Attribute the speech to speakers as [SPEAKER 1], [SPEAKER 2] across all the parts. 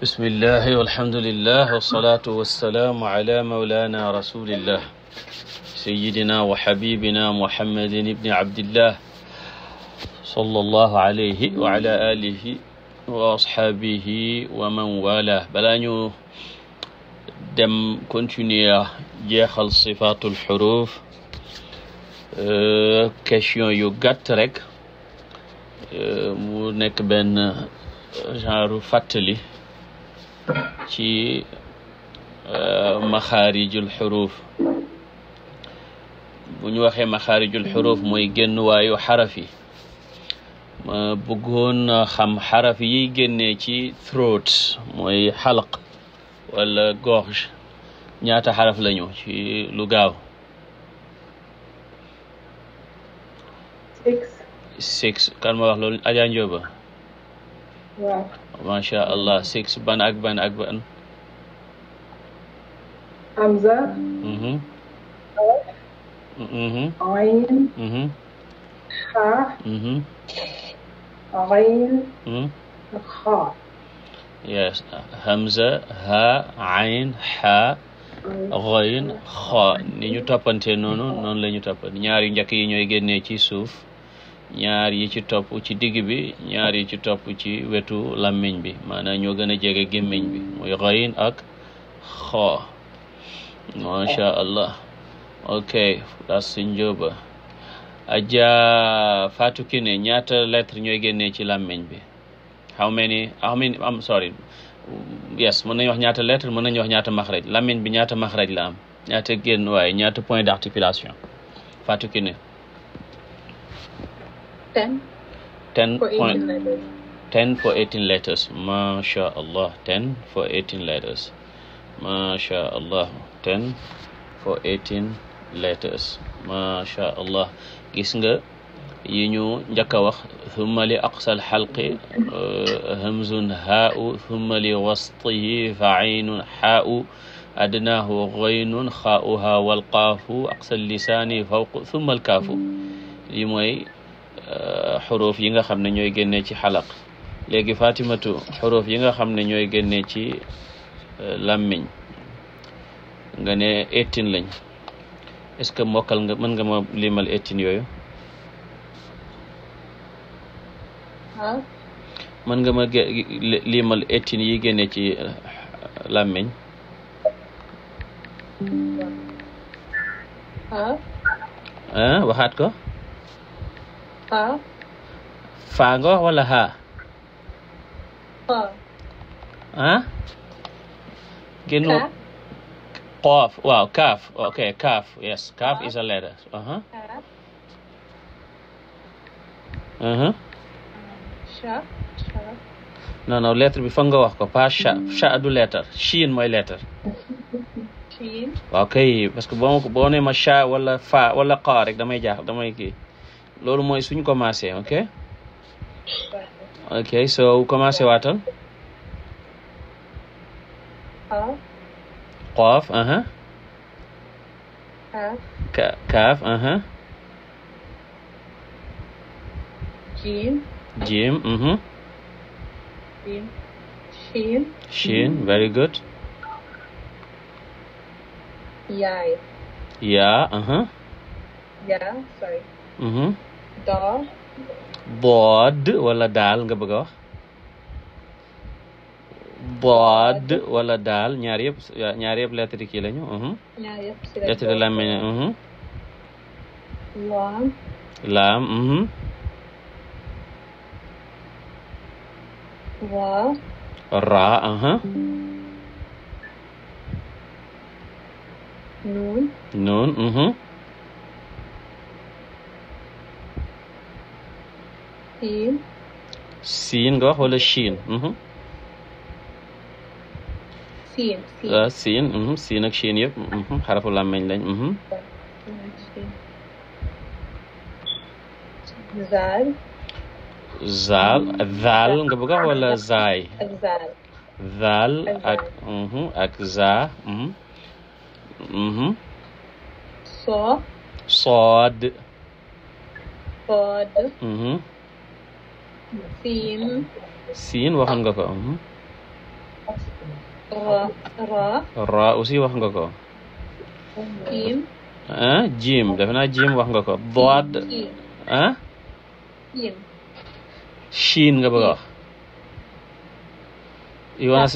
[SPEAKER 1] bismillahi walhamdulillah walsalatu walsalaamu ala maulana rasulillah sayidina wa xabibina muhammadin ibni abdillah sallallahu alayhi wa ala alihi wa ashaabihi wa man wala balaa ñu dem continuer jeexal sifaatul xuruuf euh, question yu gàtt rek euh, mu nekk benn genre fàttali ci euh, maxaarijul xuruuf bu ñu waxee maxaarijul xuruuf mooy génnuwaayu xaraf yi ma bëggoon xam xaraf yi génnee ci throat mooy xalq wala gorge ñaata xaraf lañu ci lu gaaw six kan ma wax loolu Ajaa Njóoba waaw macha allah six ban ak ban ak ban. Hamza. Mm-hmm. Mm-hmm. Ayn. Mm-hmm.
[SPEAKER 2] Ha. Ayn. Ha.
[SPEAKER 1] yes Hamza ha ayn ha ghayn kha ni ñu toppante noonu noonu la ñu toppante ñaar yu njëkk yi ñooy génnee ci suuf. ñaar yi ci topp ci digg bi ñaar yi ci topp ci wetu làmmiñ bi mana ñoo gën a jege gémmiñ bi muy xayin ak xoo macha allah ok das si njóoba aja Fatou Kiné ñaata lettre ñooy génne ci làmmiñ bi how many how many am sorry yes mën nañu wax ñaata lettre mën nañu wax ñaata maxraj làmmiñ bi ñaata maxraj la am ñaata génn waaye ñaata point d'articulation Fatou Kiné ten. ten for point ten for eighteen letters masha allah ten for eighteen letters masha allah ten for eighteen letters masha allah gis nga yi ñu njëkk a wax thumma li aqsal xalqi eh, hamzun haau thumma li wastihi fa aynun haau adnaahu ghaynun xaauha walqaafu aqsal lisaani fawqu thumma alkaafu yi mooy Euh, xuruuf yi nga xam ne ñooy génnee ci xalaq léegi fatimatu xuruuf yi nga xam ne ñooy génnee ci euh, làmmiñ nga ne eighteen lañ est-ce que mokkal nga mën nga ma limal eighteen yooyu mën nga ma limal eighteen yi génne ci euh, làmmiñ waxaat ko faa faa nga kaaf kaaf yes is a letter aha aha non non bi fa nga wax ko pas cha cha du lettre shiin mooy lettre waaw parce que boo ma boo ne ma cha wala damay jaax loolu mooy suñ commencé ok ok so commencé waatal qaaf aha kaaf aha jiim jiim mhm shin shin very good yaay yaa aha
[SPEAKER 2] yaa mhm daa
[SPEAKER 1] bood wala daal nga bëgg a bood wala daal ñaar yëpp ñaar yëpp lettre kii lañu uh-huh.
[SPEAKER 2] ñaar yëpp si lettre
[SPEAKER 1] làmmiñ siin siin nga wax wala chiin siin siin siin ak chiin yëpp xarafu làmmeñ lañ zaal zaal zaal nga bëgg a wala zaay zaal ak ak zaa sood sood
[SPEAKER 2] sood siin.
[SPEAKER 1] siin waxoon nga ko. Um.
[SPEAKER 2] ra ra.
[SPEAKER 1] ra aussi wax nga ko. jiim. ah jiim naa jiim wax nga ko. doad ah. nga bëgg a wax. you wanna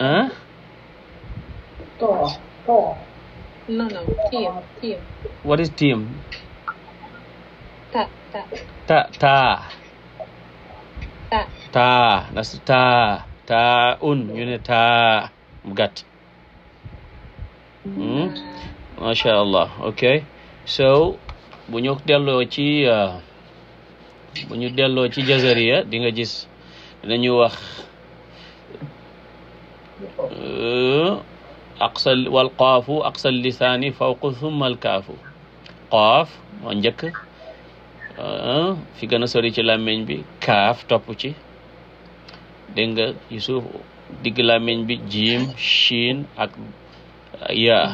[SPEAKER 1] ah? what is team. ta ta. taa nas taa un ñu ne taa mu gàtt hmm? macha allah ok so bu ñu delloo ci uh, ñu delloo ci jazariya dinga nga gis dañu wax uh, aqsa wal qaafu aqsa lisaani fawqu summa alkaafu qaaf moo uh, fi gën a sori ci làmmiñ bi kaaf topp ci dégg nga Yusuf digg làmmiñ bi jiim shiin ak uh, yaa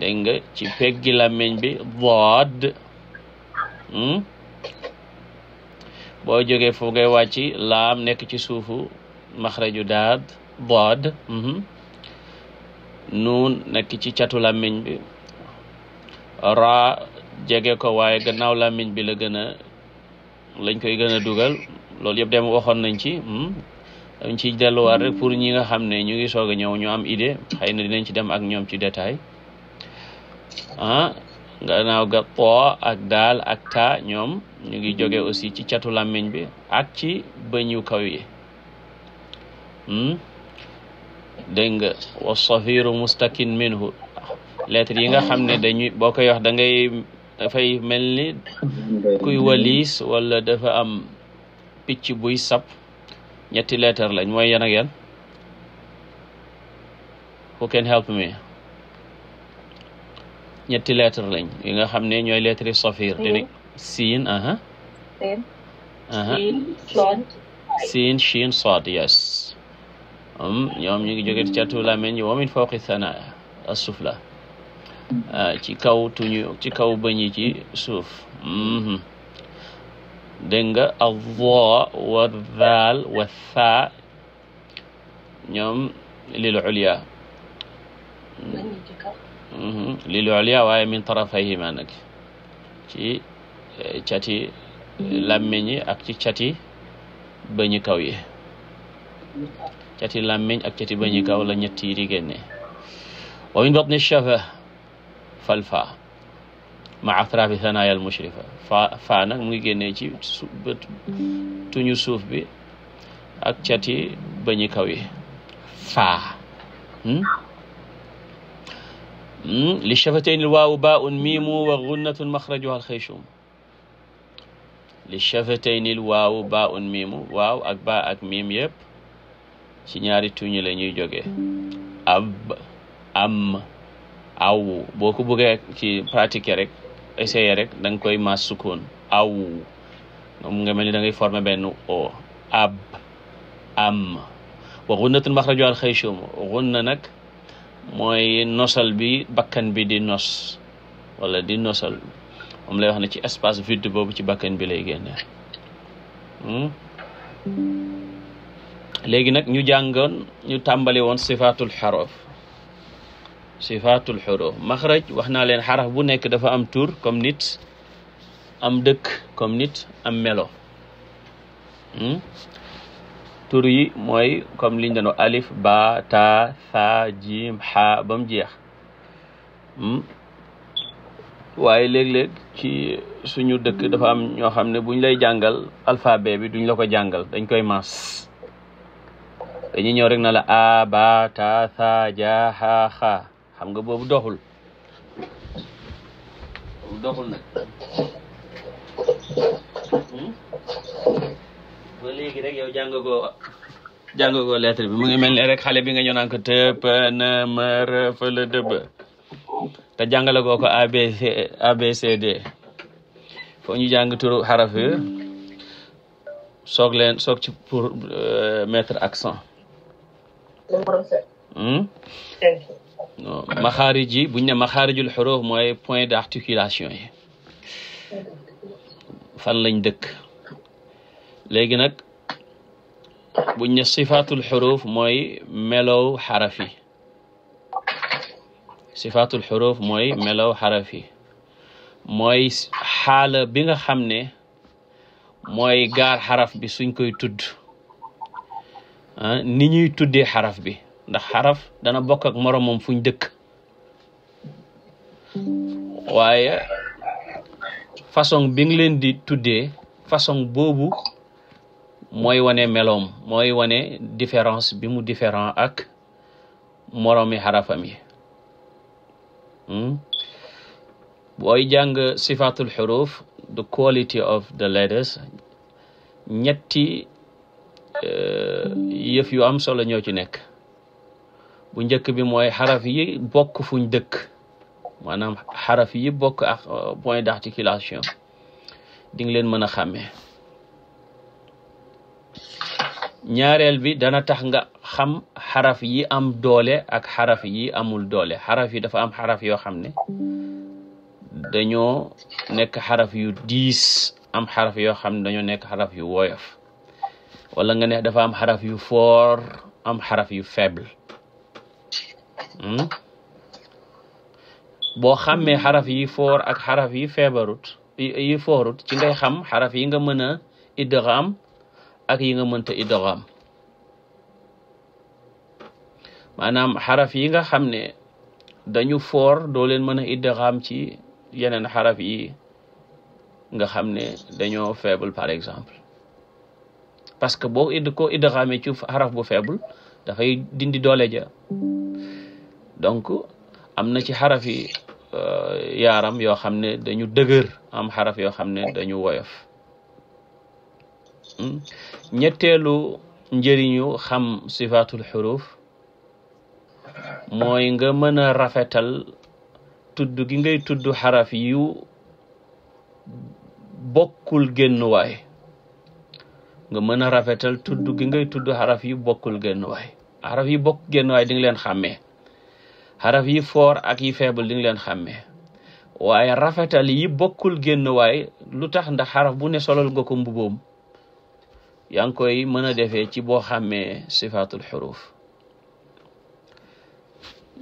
[SPEAKER 1] dégg nga ci peggi làmmiñ bi daad hmm? boo jógee foofu ngay wàcc laam nekk ci suufu maxraju daad daad hmm? nuun nekk ci catu làmmiñ bi raa jege ko waaye gannaaw làmmiñ bi la gën a lañ koy gën a dugal loolu yëpp dem waxoon nañ ci hmm, dañ ciy delluwaat rek pour ñi nga xam ne ñu ngi soog a ñëw ñu am idée xëy na dinañ ci dem ak ñoom ci détail ah ak daal ak taa ñoom ñu ngi jóge aussi ci catu làmmiñ bi ak ci bëñu kaw yi hmm, dégg nga wa mustakin minhu lettre nga xam ne dañuy boo koy wax da ngay dafay mel ni kuy waliis wala dafa am picc buy sab ñetti leetar lañ mooy yan ak who can help me ñetti leetar lañ yi nga xam ne ñooy leetar yi safir dini siin aha shiin saad yes um, ñoom ñu ngi jóge ci catu làmmiñ yi wa min fawqi thanaa as mm-hmm. ah, ci kaw tuñu ci suuf mm-hmm. dégg nga avoo wa daal wa saa ñoom lil ulya mhm. lil ulya waaye min tarafayhima nag ci eh, cati làmmiñ ak ci cati bëñi kaw cati làmmiñ ak cati bëñi kaw la ñett yi di min batni shafa falfa maa atrafi thanaaya al mushrifa fa fa nag mu ngi génnee ci su bët tuñu suuf bi ak cati bañu kaw yi faa hmm? hmm? li shafatayn il waawu baun miimu wa gunnatun maxrajuha alxayshum li shafatayn il waawu baun miimu waaw ak ba ak miim yëpp ci ñaari tuñu la ñuy jógee ab am aw boo ko bëggee ci pratique rek essayé rek danga koy maas sukkoon aw nga mel ni da ngay former benn o ab am wa gunnatul maxrajuha al xayshum gunna nag mooy nosal bi bakkan bi di nos wala di nosal moom lay wax na ci espace vide boobu ci bakkan bi lay génne hmm? léegi nag ñu jàngoon ñu tàmbali woon sifaatul xaroof sifatul xuruf maxraj wax naa leen xaraf bu nekk dafa am tur comme nit am dëkk comme nit am melo hmm? tur yi mooy comme liñ doon alif ba ta tha jim xa ba mu jeex hmm? waaye léeg-léeg ci suñu dëkk dafa am ñoo xam ne buñ lay jàngal alphabet bi duñ la ko jàngal dañ koy mas dañuy ñëw rek na la a ba ta tha ja xa xa xam nga boobu doxul boobu doxul nag hmm? ba léegi rek yow jàngagoo jàngagoo lettre bi mu ngi mel ni rek xale bi nga ñëw naan ko tëpp na mër fa la dëbb jàngale goo ko ABCD foo ñu jàng turu xaraf yi leen soog ci pour euh, mettre accent.
[SPEAKER 2] numéro
[SPEAKER 1] maxaarij yi buñ ne maxaarijul xuruf mooy point d'articulation yi fan lañ dëkk léegi nag buñ ne sifaatul xuruf mooy melow xaraf yi sifaatul xuruf mooy melow xarafi mooy xaala bi nga xam ne mooy gaar xaraf bi suñ koy tudd ah ni ñuy tuddee xaraf bi ndax xaraf dana bokk ak moromam fuñ dëkk waaye façon bi nga leen di tuddee façon boobu mooy wane meloom mooy wane différence bi mu différent ak moromi xarafam yi hmm? booy jàng sifatul xuruf the quality of the letters ñetti eh, yëf yu am solo ñoo ci nekk bu njëkk bi mooy xaraf yi bokk fuñ dëkk maanaam xaraf bokk ak euh, point d'articulation di nga leen mën a xàmmee ñaareel bi dana tax nga xam xaraf yi am doole ak xaraf yi amul doole xaraf yi dafa am xaraf yoo xam ne dañoo nekk xaraf yu diis am xaraf yoo xam ne dañoo nekk xaraf yu woyof wala nga ne dafa am xaraf yu fort am xaraf yu faible Hmm? boo xàmmee xaraf yi foor ak xaraf yi feebarut yi foorut ci ngay xam xaraf yi nga mën a idgham ak yi nga mënta idgham maanaam xaraf yi nga xam ne dañu foor doo leen mën a idgham ci yeneen xaraf yi nga xam ne dañoo faible par exemple parce que boo idd ko idghamee ci xaraf bu faible dafay dindi doole ja donc am na ci xaraf yi euh, yaaram yoo xam ne dañu dëgër am xaraf yoo xam ne dañu woyof hmm? ñetteelu njëriñu xam sifaatul xuruf mooy nga mën a rafetal tudd gi ngay tudd xaraf yu bokkul génnuwaay nga mën a rafetal tudd gi ngay tudd xaraf yu bokkul génnuwaay xaraf yu bokk génnuwaay di nga leen xàmmee xaraf yi fort ak yi faible di leen xàmmee waaye rafetal yi bokkul génn waay lu tax ndax xaraf bu ne solol nga ko mbuboom yaa ngi koy mën a defee ci boo xàmmee sifaatul xuruuf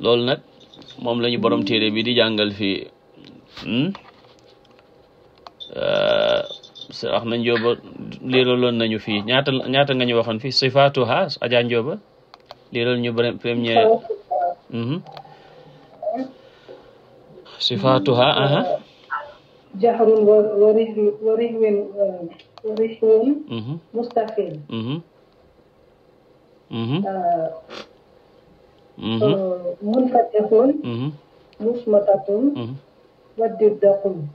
[SPEAKER 1] loolu nag moom la ñu téere bi di jàngal fii hmm? euh, wax na njóoba nañu fii ñaata nga ñu waxoon fii sifaatuha ajaa njóoba liiral ñu premier sifaatuha aha
[SPEAKER 2] uh, jahrun wa rihwun uh, wa rihwun mhm. mustafin
[SPEAKER 1] mhm. mhm.
[SPEAKER 2] uh, munfatihun musmatatun waddiddaqun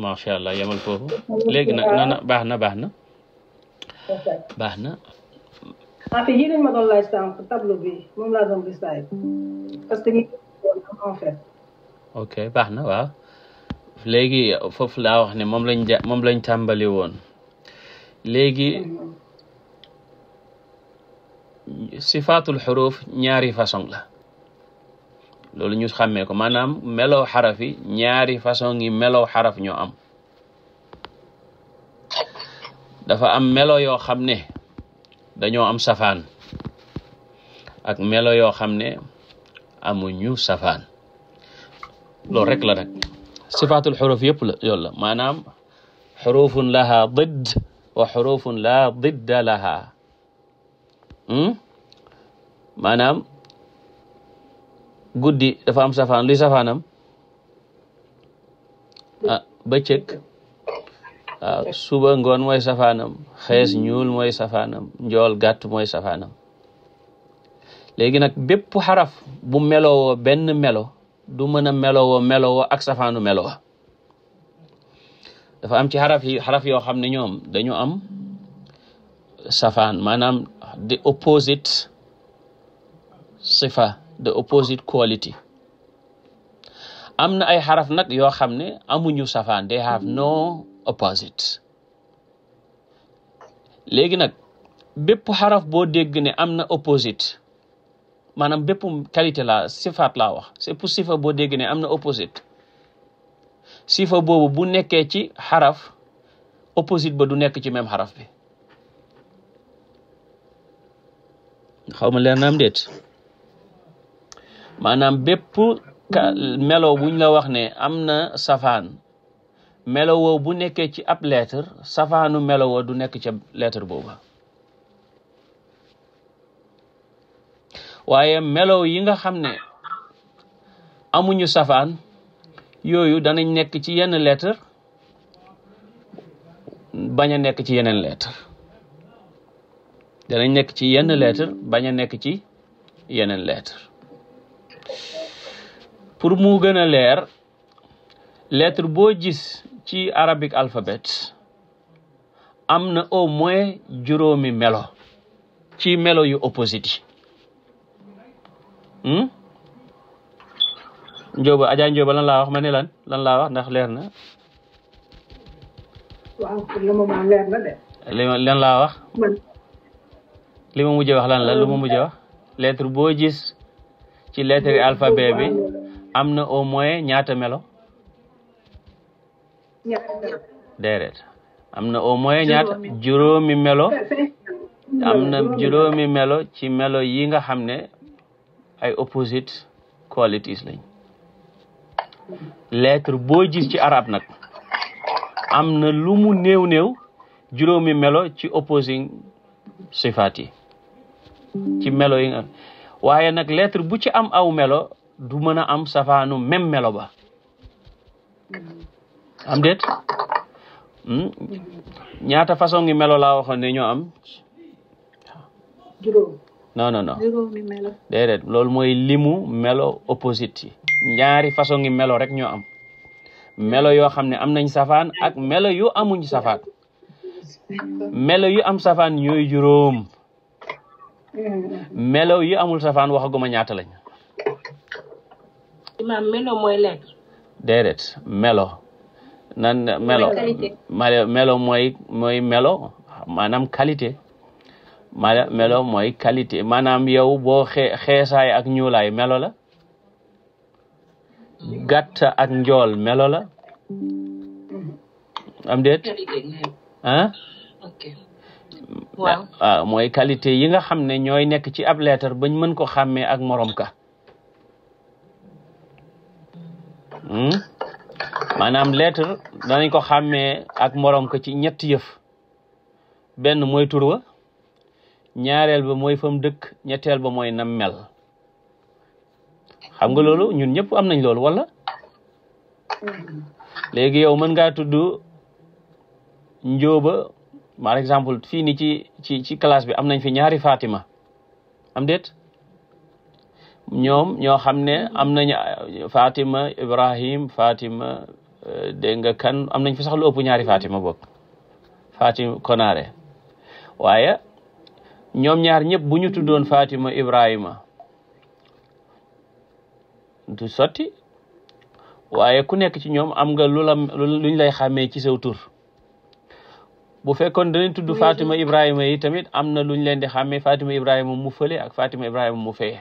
[SPEAKER 1] macha allah yemal foofu léegi nag na baax na baax na baax na
[SPEAKER 2] en fait yéen ma doon laaj sànq tableau bi moom laa doon gis parce que ñu en fait
[SPEAKER 1] ok baax na waaw léegi foofu laa ne moom lañ ja moom lañ tàmbali woon léegi sifaatul xuruf ñaari façon la loolu ñu xàmmee ko maanaam melow xaraf ñaari façon yi melow xaraf ñoo am dafa am melo yoo xam ne dañoo am safaan ak melo yoo xam ne amuñu safaan loolu rek la nag sifaatul xuruf yëpp la yoolu la maanaam xurufun laha didd wa xurufun laa didda laha hmm? maanaam guddi dafa am safaan luy safaanam ah, ah suba ngoon mooy safaanam xees ñuul mooy safaanam njool gàtt mooy safaanam léegi nag bépp xaraf bu melowoo benn melo du mën a melowoo melowoo ak safaanu melowoo dafa am ci xaraf yi xaraf yoo xam ne ñoom dañu am safaan maanaam the opposite sifa the opposite quality am na ay xaraf nag yoo xam ne amuñu safaan they have no opposite léegi nag bépp xaraf boo dégg ne am na opposite maanaam bépp qualité laa sifaat laa wax c'est pour boo dégg am na opposite sifa boobu bu nekkee ci xaraf opposite ba du nekk ci même xaraf bi xaw ma leer na am maanaam bépp melo buñ la wax ne am na safaan melo bu nekkee ci ab lettre safaanu melo du nekk ca lettre boobu waaye melow yi nga xam ne amuñu safaan yooyu danañ nekk ci yenn lettre bañ a nekk ci yeneen lettre danañ nekk ci yenn lettre bañ a nekk ci yeneen lettre pour mu gën a leer lettre boo gis ci arabic alphabet am na au moins juróomi melo ci melo yu opposite Hmm? Njóoba Adja Njóoba lan laa wax ma ne lan lan laa wax ndax leer na. waaw lan laa wax. li ma mujj wax lan la lu ma wax. lettre boo gis ci lettre alphabet bi am na au moins ñaata melo. déedéet am na au moins ñaata melo.
[SPEAKER 2] am na juróomi
[SPEAKER 1] melo ci melo yi xam ne. ay opposite qualities lañ lettre boo gis ci arab nag am na lumu mu néew néew juróomi melo ci opposing sifaat yi ci melo yi waaye nag lettre bu ci am aw melo du mën am safaanu même melo ba am déet hmm? ñaata façon ngi melo la waxoon ne am non non non
[SPEAKER 2] juróomi melo
[SPEAKER 1] loolu mooy limu melo opposite ñaari façon ngi melo rek ñoo am melo yoo xam ne am nañ safaan ak melo yu amuñ safaan melo yu am safaan ñooy juróom melo yu amul safaan waxaguma ñaata lañ
[SPEAKER 2] imaam melo mooy lekk
[SPEAKER 1] melo melo melo mooy mooy melo maanaam qualité mala melo mooy qualité maanaam yow boo xee xeesaay ak ñuulaay melo la gàtt ak njool melo la am déet ah mooy qualité yi nga xam ne ñooy nekk ci ab lettre bañ mën ko xàmmee ak morom ka hmm? maanaam lettre danañ ko xàmmee ak morom ka ci ñetti yëf benn mooy wa ñaareel ba mooy fa mu dëkk ñetteel ba mooy na mel xam nga loolu ñun ñëpp am nañ lool wala léegi yow mën ngaa tudd njóoba par exemple fii ni ci ci ci classe bi am nañ fi ñaari Fatima am déet ñoom ñoo xam ne am nañ Fatima Ibrahim Fatima euh, dégg nga kan am nañ fi sax lu ëpp ñaari Fatima bokk Fatima Konare waaye ñoom ñaar ñëpp bu ñu tuddoon Fatima Ibrahima du sotti waaye ku nekk ci ñoom am nga lu luñ lay xàmmee ci sew tur bu fekkoon danañ tudd Fatima Ibrahima yi tamit am na luñ leen di xàmmee Fatima Ibrahima mu fële ak Fatima Ibrahima mu feye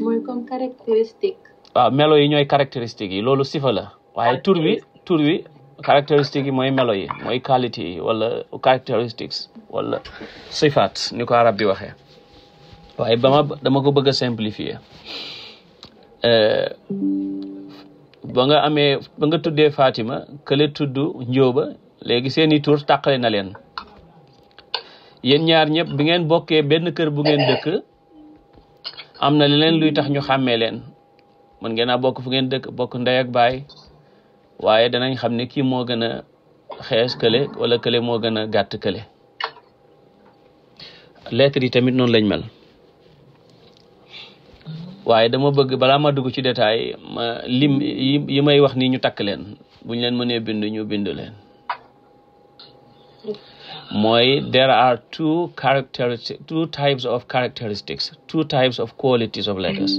[SPEAKER 2] mooy comme caractéristique.
[SPEAKER 1] waaw melo yi ñooy caractéristique yi loolu sifa la waaye tur bi tur bi caractéristiques yi mooy melo yi mooy qualité yi wala characteristics wala sifaat ni ko arab di waxee waaye ba ma dama ko bëgg a simplifier eh, ba nga amee ba nga tuddee Fatima kële tudd Njóoba léegi seeni tur tàqale na leen yéen ñaar ñëpp bi ngeen bokkee benn kër bu ngeen dëkk am na leen luy tax ñu xàmmee leen mën ngeen a bokk fu ngeen dëkk bokk ndey ak baay waaye danañ xam ne kii moo gën a xees kële wala kële moo gën a gàtt kële lettre yi tamit noonu lañ mel waaye dama bëgg balaa ma dugg ci détail ma lim yi may wax nii ñu takk leen buñ leen mënee bind ñu bind leen mooy there are two characteristics two types of characteristics two types of qualities of letters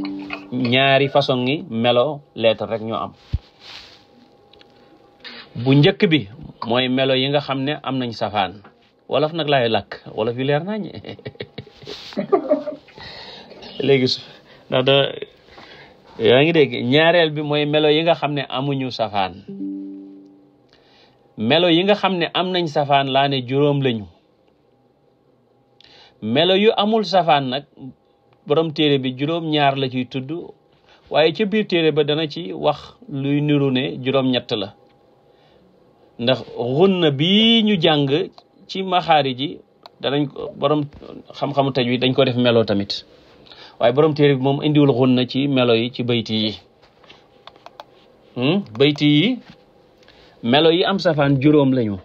[SPEAKER 1] ñaari façon ngi melo lettre rek ñoo am bu njëkk bi mooy melo yi nga xam ne am nañ safaan wolof nag lay lakk wolof yu leer nañ léegi ngi dégg ñaareel bi mooy melo yi nga xam ne amuñu safaan melo yi nga xam ne am nañ safaan laa ne juróom lañu melo yu amul safaan nag boroom téere bi juróom ñaar la ciy tudd waaye ca biir téere ba dana ci wax luy niru ne juróom ñett la ndax xunna bi ñu jàng ci maxaari ji danañ ko borom xam-xamu taj wi dañ ko def melo tamit waaye borom téere bi moom indiwul xunna ci melo yi ci bayti yi hmm? bayti yi melo yi am safaan juróom lañu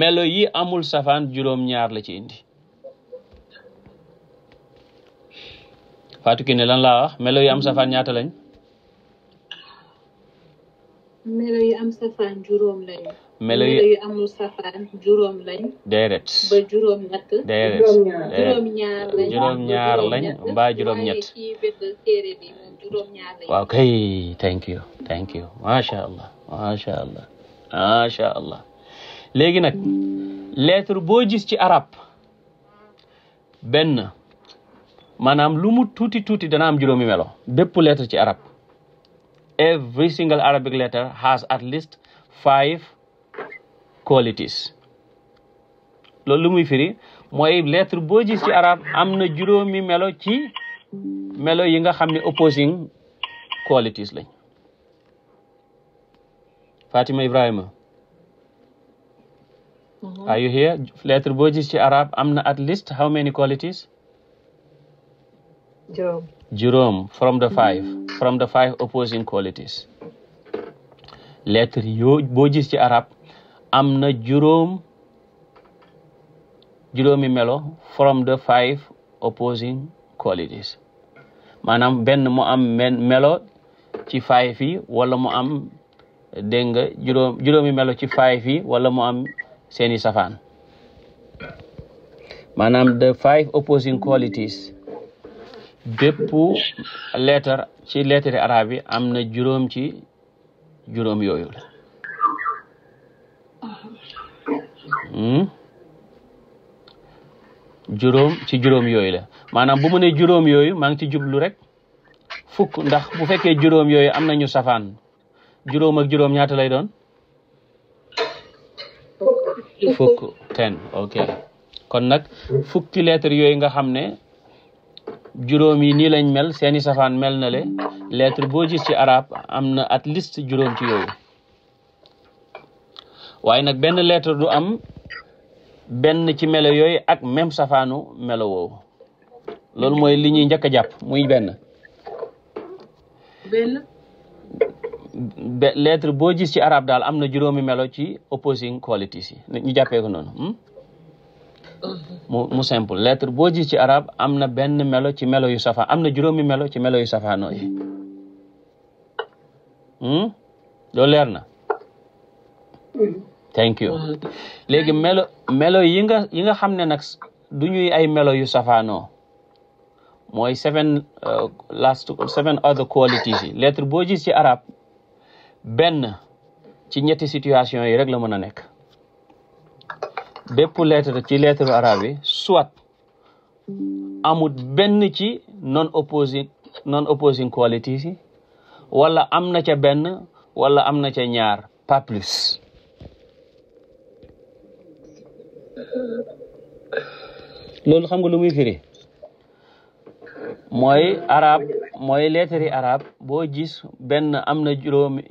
[SPEAKER 1] melo yi amul safaan juróom ñaar la ci indi Fatou Kiné lan laa wax melo yi am safaan ñaata lañ
[SPEAKER 2] melo yi am safaan juróom lañu melo yi amul safaan juróom lañ.
[SPEAKER 1] déedéet ba
[SPEAKER 2] juróom ñett.
[SPEAKER 1] waaw kay thank you thank you macha allah macha allah macha allah léegi nag lettre boo gis ci arab benn maanaam lu mu tuuti tuuti dana am juróomi melo bépp lettre ci arab every single Arabic letter has at least five. qualities loolu lu muy firi mooy lettre boo gis ci arab am na juróomi melo ci melo yi nga xam ne opposing qualities lañ Fatima Ibrahima mhm. are you here lettre boo gis ci arab am na at least how many qualities juróom from the five from the five opposing qualities lettre yoo ci arab am na juróom juróomi melo from the five opposing qualities maanaam benn mu am melo ci five fi wala mu am dégg nga juróom melo ci five fi wala mu am seeni safaan maanaam the five opposing qualities bépp lettre ci lettre arabe yi am na juróom ci juróom yooyu Hmm? juróom ci juróom yooyu la maanaam bu mu ne juróom yooyu maa ngi ci jublu rek fukk ndax bu fekkee juróom yooyu am nañu safaan juróomak ak juróom ñaata lay doon fukk ten ok kon nag fukki lettre yooyu nga xam ne juróomi yi nii lañ mel seeni safaan mel na le lettre boo gis ci araab am na at least juróom ci yooyu waaye nag benn lettre du am benn ci melo yooyu ak même safaanu melo woowu loolu mooy li ñuy njëkk a jàpp muy benn. benn. lettre boo gis ci arab daal am na juróomi melo ci opposing qualities yi ñu jàppee ko noonu. Hmm? mu simple lettre boo gis ci arab am na benn melo ci melo yu safaan am na juróomi melo ci melo yu safaanoo yi. Hmm? leer na. léegi melo melo yi nga yi nga xam ne nag du ñuy ay melo yu safaanoo mooy seven uh, last seven other qualities yi lettre boo gis ci arab benn ci ñetti situation yi rek la mën a nekk bépp lettre ci lettre arab yi soit amut benn ci non opposing non opposing qualities yi wala am na ca benn wala am na ca ñaar pas plus loolu xam nga lu muy firi mooy arab mooy leetari arab boo gis benn am na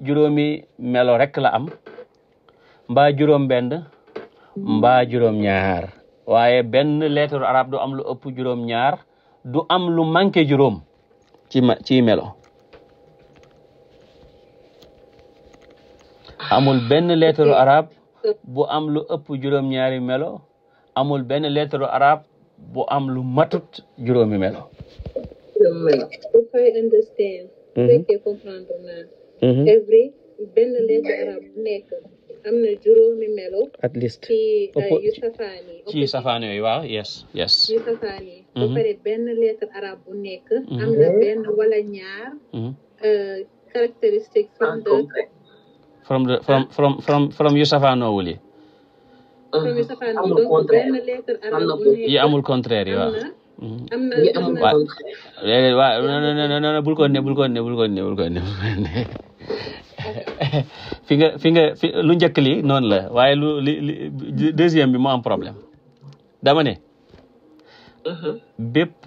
[SPEAKER 1] juróomi melo rek la am mbaa juróom benn mbaa juróom ñaar waaye benn leetaru arab du am lu ëpp juróom ñaar du am lu manqué juróom ci ma ci melo amul benn leetaru arab bu am lu ëpp juróom ñaari melo amul benn lettre arabe bu am lu matut juróomi melo. Mhm.
[SPEAKER 2] if mhm. benn lettre arabe nekk am na juróomi melo. at least ci euh, yu mhm. pare benn lettre arabe bu nekk. am na benn wala ñaar. Euh, caractéristique from
[SPEAKER 1] the. Ah, from
[SPEAKER 2] amul contraire yi
[SPEAKER 1] amul contraire yi waaw. yi amul contraire waaw non non bul ko ne bul ko ne bul ko ne bul ne fi nga fi nga fi lu njëkk li noonu la waaye lu deuxième bi moo am problème dama ne. Uh-huh. bépp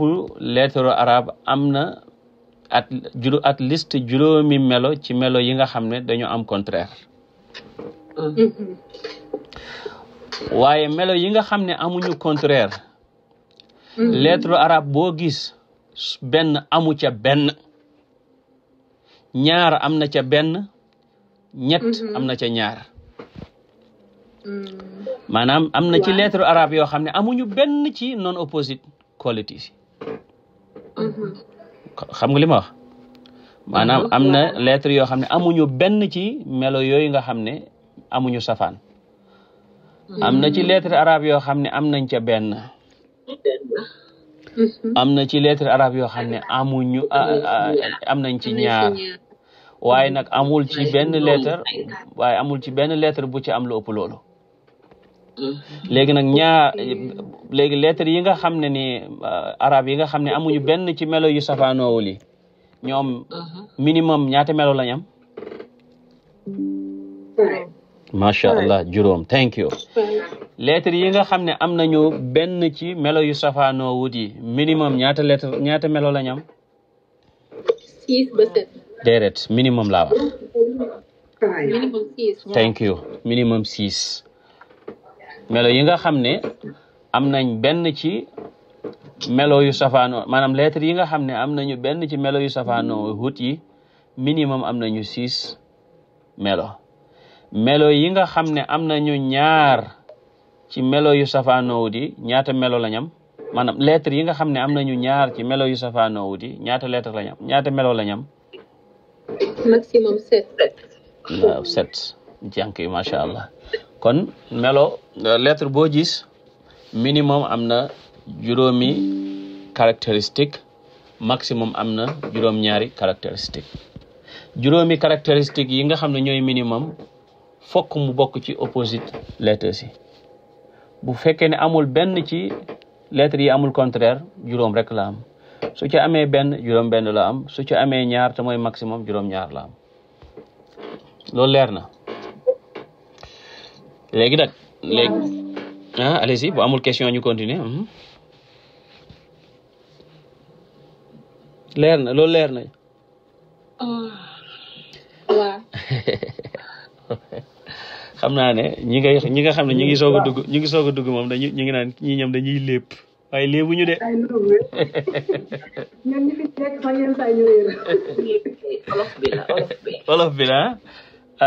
[SPEAKER 1] lettre arabe am na at julu at liste juróomi melo ci melo yi nga xam ne dañu am contraire. Uh-huh. Mm-hmm. waaye melo yi nga xam ne amuñu contraire mm-hmm. lettre arabe boo gis benn amu ca benn ñaar am na ca benn ñett mm-hmm. am na ca ñaar mm-hmm. maanaam am na ci lettre arabe yoo xam ne amuñu benn ci non opposite qualities xam nga li wax maanaam am na lettre yoo xam ne amuñu benn ci melo yooyu nga xam ne amuñu safaan
[SPEAKER 2] Mm-hmm. am na ci lettre arabe
[SPEAKER 1] yoo xam ne am nañ ca benn
[SPEAKER 2] mm-hmm.
[SPEAKER 1] am na ci lettre arabe yoo xam ne amuñu am nañ ci ñaar waaye nag amul ci benn lettre waaye amul ci benn lettre bu ci am lu ëpp loolu mm-hmm. léegi nag ñaar léegi lettres yi nga xam ne ni euh, arab yi nga xam ne amuñu benn ci melo yu safaanoowul yi ñoom minimum ñaata melo lañ am macha allah juróom thank you lettre yi nga xam ne am nañu benn ci melo yu safaanoo wut yi minimum ñaata ñaata melo la ñu am
[SPEAKER 2] six ba sept
[SPEAKER 1] déedéet minimum laa wax thank you minimum six melo yi nga xam ne am nañ benn ci melo yu safaanoo maanaam lettre yi nga xam ne am nañu benn ci melo yu safaanoo wut yi minimum am nañu six melo melo yi nga xam ne am nañu ñaar ci melo yu safaanoowut yi ñaata melo la ñam maanaam lettre yi nga xam ne am nañu ñaar ci melo yu safaanoowut yi ñaata lettre la ñam ñaata melo la ñam
[SPEAKER 2] maximum sept
[SPEAKER 1] kon melo euh, lettre boo gis minimum am na juróomi caractéristique maximum am na juróom-ñaari caractéristique juróomi caractéristique yi nga xam ne ñooy minimum fokk mu bokk ci opposite lettres yi bu fekkee ne amul benn ci lettres yi amul contraire juróom rek la am su ci amee benn juróom benn la am su ci amee ñaar te mooy maximum juróom ñaar la am loolu leer na léegi nag léegi ah, bu amul question ñu continuer mhm. leer na loolu leer na oh, xam naa ne ñi ñi nga xam ne ñu ngi soog dugg ñu ngi soog a dugg moom dañu ñu ngi naan ñi ñoom dañuy lépp waaye léebu ñu de.
[SPEAKER 2] olof bi la olof bi.
[SPEAKER 1] olof bi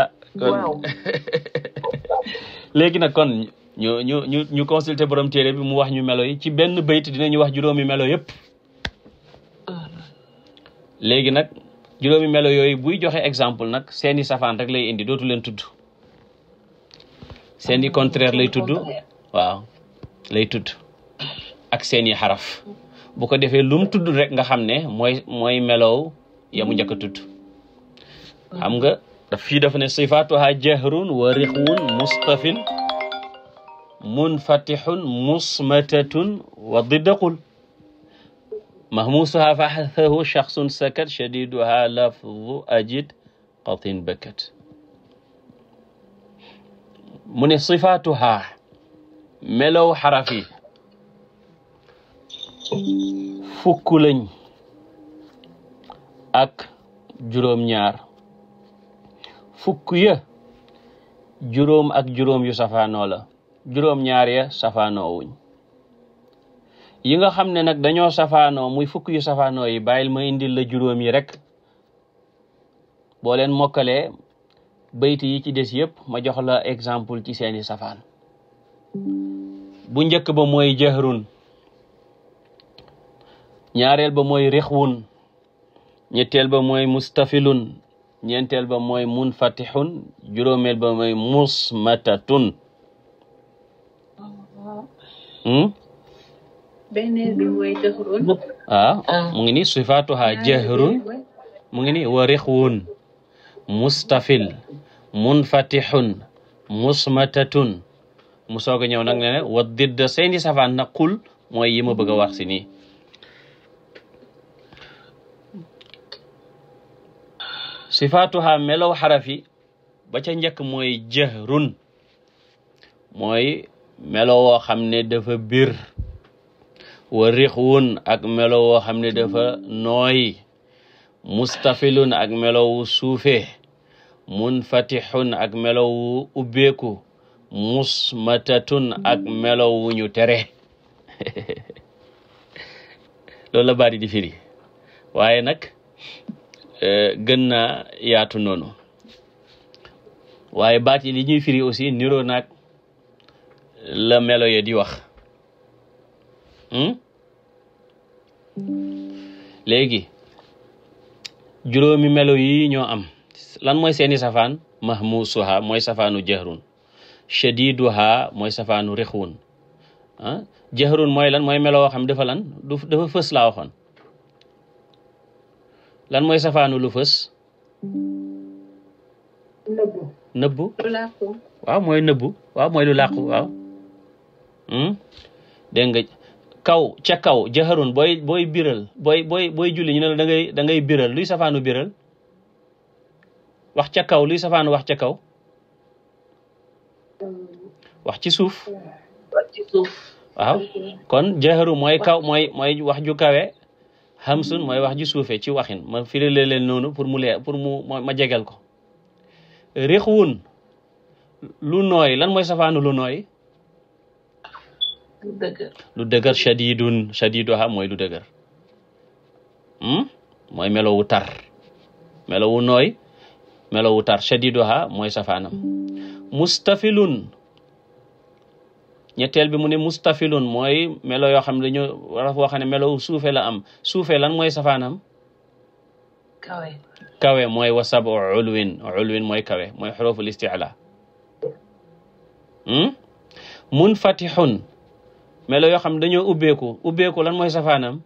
[SPEAKER 1] ah, kon léegi nag kon ñu ñu ñu ñu consulter borom téere bi mu wax ñu melo yi ci benn bayt dinañu wax juróomi melo yëpp. Ah. léegi nag juróomi melo yooyu buy joxe exemple nag seeni safaan rek lay indi dootu leen tudd. seen i contraire lay tudd waaw tudd ak seen i xaraf bu ko defee lu mu tudd rek nga xam ne mooy melow ya mu njëkk a tudd xam nga daf fii dafa ne sifatuha jahrun wa rixwun mustafin munfatixun musmatatun wa didaqul mahmusuha faxahu shadiduha lafdu ajid qatin bakat mu ne xa melow xaraf yi fukk lañ ak juróom-ñaar fukk ya juróom ak juróom yu safaanoo la juróom-ñaar ya safaanoo yi nga xam ne nag dañoo safaanoo muy fukk yu safaanoo yi bàyyil ma indil la juróom yi rek boo leen mokkalee bayti yi ci des yëpp ma jox la exemple ci seeni safaan bu njëkk ba mooy jahrun ñaareel ba mooy rixwun ba mooy mustafilun ñeenteel ba mooy munfatixun juróomeel ba mooy musmatatun hmm? beneen bi mooy jahrun ah, mu ngi ni sifaatuha jahrun mu ngi ni wa rixwun mustafil munfatihun musmatatun mu soog a ñëw nag ne ne wa didda seeni safaan nag xul mooy yi ma bëgg a wax si nii sifaatuha melow ba ca njëkk mooy jahrun mooy melo woo xam ne dafa biir wa rixwun ak melo woo xam ne dafa nooy mustafilun ak melo wu suufee munfatixun ak melowu ubbeeku musmatatun ak melowu ñu tere loolu la baat di firi waaye nag e, gën naa yaatu noonu waaye baat yi li ñuy aussi niroo nag la melo ye di wax hmm? léegi juróomi melo yi ñoo am lan mooy seeni safaan mahmusuha mooy safaanu jahrun shadiduha mooy safaanu rixwun ah jahrun mooy lan mooy meloo xam dafa lan du dafa fës laa waxoon lan mooy safaanu lu fës nëbbu waaw mooy nëbbu waaw mooy lu làqu waaw hmm? dégg kaw ca kaw jahrun booy booy biral booy booy booy julli ñu ne la da ngay da ngay biral luy safaanu biral wax ca kaw luy safaanu wax ca kaw wax ci suuf waaw kon jaharu mooy kaw mooy mooy wax ju kawe xam hamsun mooy wax ju suufe ci waxin ma firi leen noonu pour mu lee pour mu ma jegal ko rixwun lu nooy lan mooy safaanu lu nooy lu dëgër shadidun shadiduha mooy lu dëgër hmm? mooy melowu tar melowu nooy melowu tar shadiduha mooy safaanam mustafilun ñetteel bi mu ne mustafilun mooy melo yoo xam ne dañu war a ne melow suufe la am suufe lan mooy safaanam kawe mooy wasab ulwin ulwin mooy kawe mooy xuruful istila hmm? munfatixun melo yoo xam ne dañoo ubbeeku ubbeeku lan mooy safaanam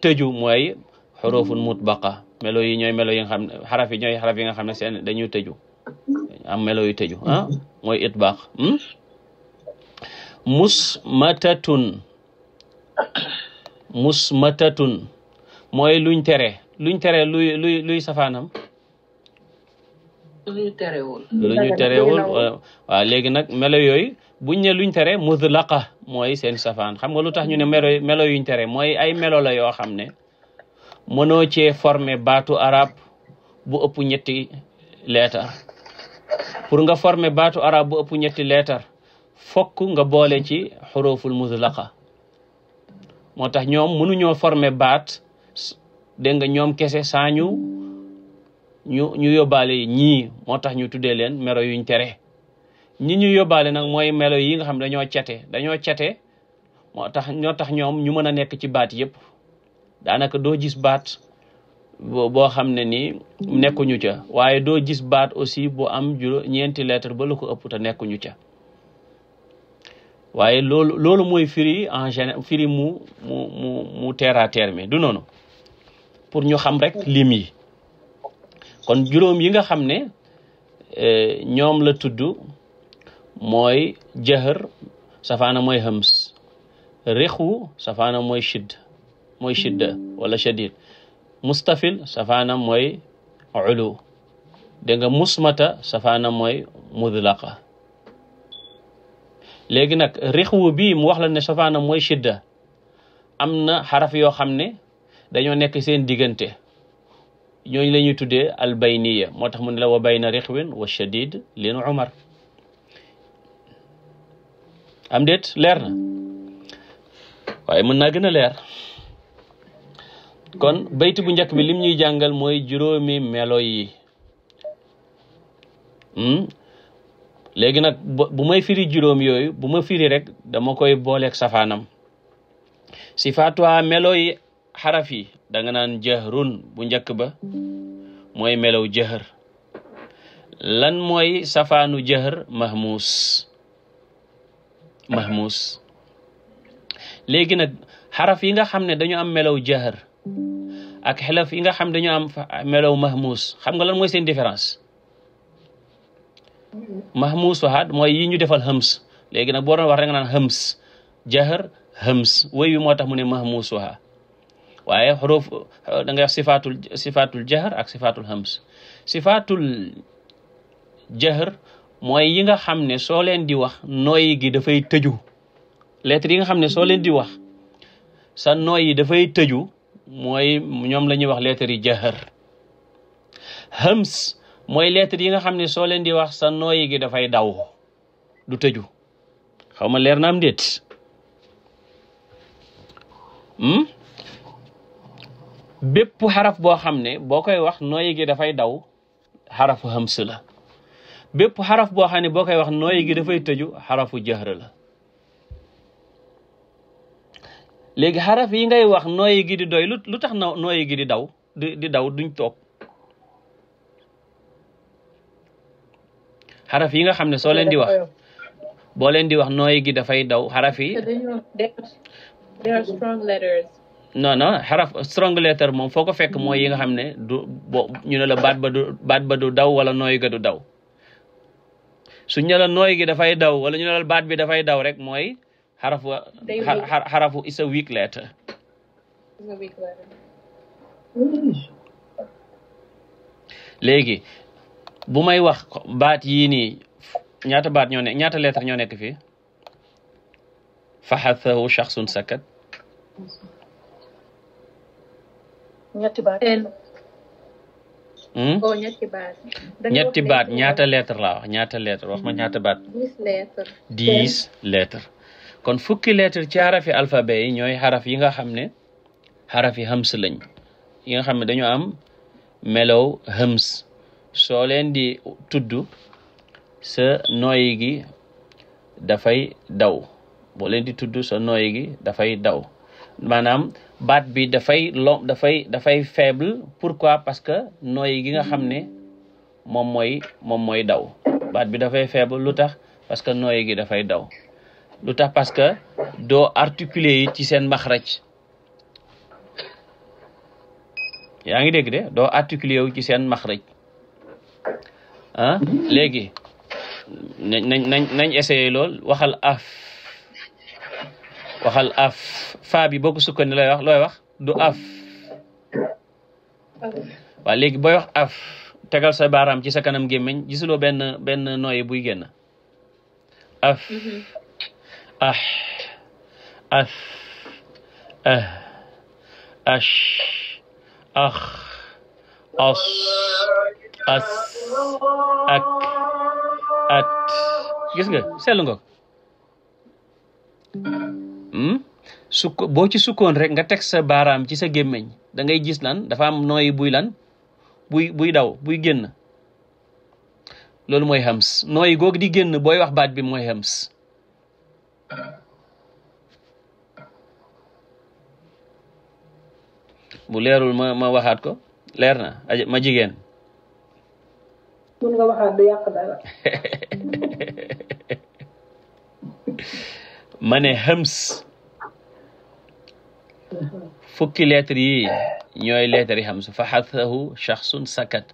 [SPEAKER 1] tëju mooy xurufun mutbaqa melo yi ñooy melo yi nga xam ne xaraf yi ñooy xaraf yi nga xam ne seen dañuy tëju am melo yu tëju ah mooy itbaax hmm? musmatatun musmatatun mooy luñ tere luñ tere luy luy luy safaanam
[SPEAKER 2] luñu terewul luñu terewul
[SPEAKER 1] léegi nag melo yooyu buñ ne luñ tere mudlaqa mooy seen safaan xam nga lu tax ñu ne melo melo yuñ tere mooy ay melo la yoo xam ne mënoo cee former baatu arab bu ëpp ñetti leetar pour nga former baatu arab bu ëpp ñetti leetar fokk nga boole ci xuruful muzlaqa moo tax ñoom mënuñoo former baat dégg nga ñoom kese saañu ñu ñu ñu ñii moo tax ñu tuddee leen melo yuñ tere ñi ñu yóbbaale nag mooy melo yi nga xam dañoo cate dañoo cate moo tax ñoo tax ñoom ñu mën a nekk ci baat yépp daanaka doo gis baat boo xam ne ni nekkuñu ca waaye doo gis baat aussi bu am ñeenti lettre ba lu ko ëpp te nekkuñu ca waaye loolu mooy firi en général firi mu mu mu mu terre du noonu pour ñu xam rek lim yi kon juróom yi nga xam ne eh, ñoom la tudd mooy jëhër safaana mooy hëms rixu safaana mooy shidd mooy shidda wala shadid mustafil safaanam mooy ulu dégg nga musmata safaanam mooy mudlaqa léegi nag rixwu bii mu wax ne safaana mooy shidda am na xaraf yoo xam ne dañoo nekk seen diggante ñooñu la ñuy tuddee albayniya moo tax mu ne la wa bayna rixwin wa shadid lin umar am déet leer na waaye mën naa gën a leer kon bayt bu njëkk bi lim ñuy jàngal mooy juróomi melo yi hmm? léegi nag bu may firi juróom yooyu bu ma firi rek dama koy booleeg safaanam sifaatuwaa melo yi xarafi danga naan jahrun bu njëkk ba mooy melow jahr lan mooy safaanu jahr mahmuus mahmuus léegi nag xaraf yi nga xam ne dañu am melow jahr ak xelaf yi nga xam dañoo am melow mahmuus xam nga lan mooy seen différence mahmuus waxaat mooy yi ñu defal hams léegi nag boo doon wax rek nga naan hams jahar hams woy wi moo tax mu ne mahmuus waxaa waaye xuruuf da sifaatul sifaatul ak sifaatul hams sifaatul jahar mooy yi nga xam ne soo leen di wax nooyi gi dafay tëju lettre yi nga xam ne soo leen di wax sa nooyi dafay tëju mooy ñoom lañuy ñuy wax lettres yi jahar hams mooy lettres yi nga xam ne soo leen di wax sa nooyi gi dafay daw du tëju xaw ma leer na am déet hmm? bépp xaraf boo xam ne boo koy wax nooyi gi dafay daw xarafu hams la bépp xaraf boo xam ne boo koy wax nooyi gi dafay tëju xarafu jahr la léegi xaraf yi ngay wax nooyi gi di doy lu lu tax na nooyi gi di daw di di daw duñ toog xaraf yi nga xam ne soo leen di wax boo leen di wax nooyi gi dafay daw xarafi yi non non xaraf strong letter moom foo ko fekk mooy yi nga xam ne du bo ñu ne la baat ba du daw wala nooy ga du daw su ne la nooy gi dafay daw wala ñu ne la baat bi dafay daw rek mooy xarafu xarafu is a week later léegi bu may wax baat yii nii ñaata baat ñoo ne ñaata lettre ñoo nekk fii faxathahu shaxsun sakat ñetti baat hmm?
[SPEAKER 2] oh,
[SPEAKER 1] ñaata lettre la wax ñaata wax ma hmm. ñaata baat dix lettre kon fukki lettre ci xarafi alphabet yi ñooy xaraf yi nga xam ne xarafi hams lañ yi nga xam ne dañu am melow hams soo leen di tudd sa nooyi gi dafay daw boo leen di tudd sa nooyi gi dafay daw maanaam baat bi dafay lo dafay dafay faible pourquoi parce que nooyi gi nga xam ne moom mooy moom mooy daw baat bi dafay faible lu tax parce que nooyi gi dafay daw lu tax parce que doo articuler yi ci seen mbax maxraj yaa ngi dégg de doo articuler wu ci seen maxraj ah léegi nañ nañ nañ essayer lool waxal af waxal af fa bi boo ko looy wax looy wax du af waa léegi booy wax af tegal sa baaraam ci sa kanam gémmiñ gisuloo benn benn nooye buy génn af mm-hmm. ax as ah ash ax as as ak at gis nga seetlu nga ko hmm? sukk boo ci sukkoon rek nga teg sa baaraam ci sa gémmiñ da ngay gis lan dafa am nooyi buy lan buy buy daw buy génn loolu mooy hams nooyi googu di génn booy wax baat bi mooy hams bu leerul ma ma waxaat ko leer na ma jigéen
[SPEAKER 2] mën nga waxaat du
[SPEAKER 1] ma ne hams fukki lettre yi ñooy lettre yi hams fa xathahu shaxsun sakat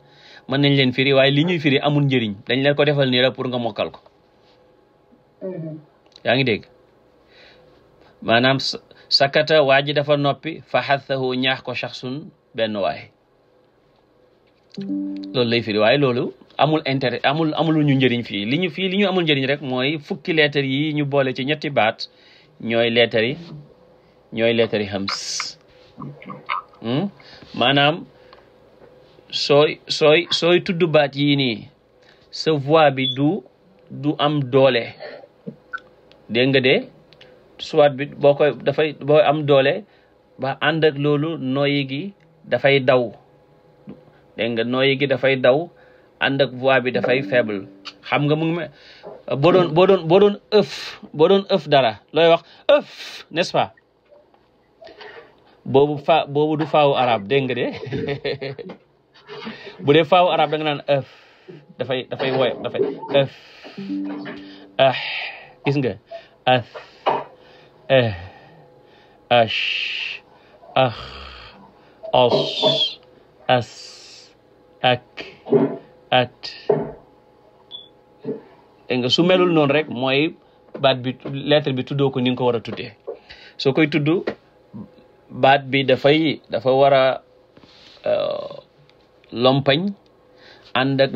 [SPEAKER 1] mën nañ leen firi waaye li ñuy firi amul njëriñ dañ leen ko defal nii pour nga mokkal ko mhm. yaa ngi dégg maanaam sakata waa ji dafa noppi fa xathahu ñaax ko shaxsun benn waay loolu lay firi waaye loolu amul intere amul amul ñu njëriñ fii li ñu li ñu amul njëriñ rek mooy fukki leetar yi ñu boole ci ñetti baat ñooy leetar yi ñooy leetar yi hams hmm? maanaam sooy sooy sooy tudd baat yi nii sa voix bi du du am doole dégg nga de soit bi boo koy dafay boo am doole ba ànd ak loolu gi dafay daw dégg nga nooyi gi dafay daw ànd ak voix bi dafay faible xam nga mu ngi mel boo doon boo doon doon ëf boo doon ëf dara looy wax ëf n'est-ce boobu fa boobu du faawu arab dégg nga de bu dee faawu arab da nga naan ëf dafay woy dafay ëf ah. gis nga as ah. eh ash ak at nga su melul noonu rek mooy baat bi lettre bi tuddoo ko ni ko war a tuddee soo koy tudd baat bi dafay dafa war a euh, lompañ ànd ak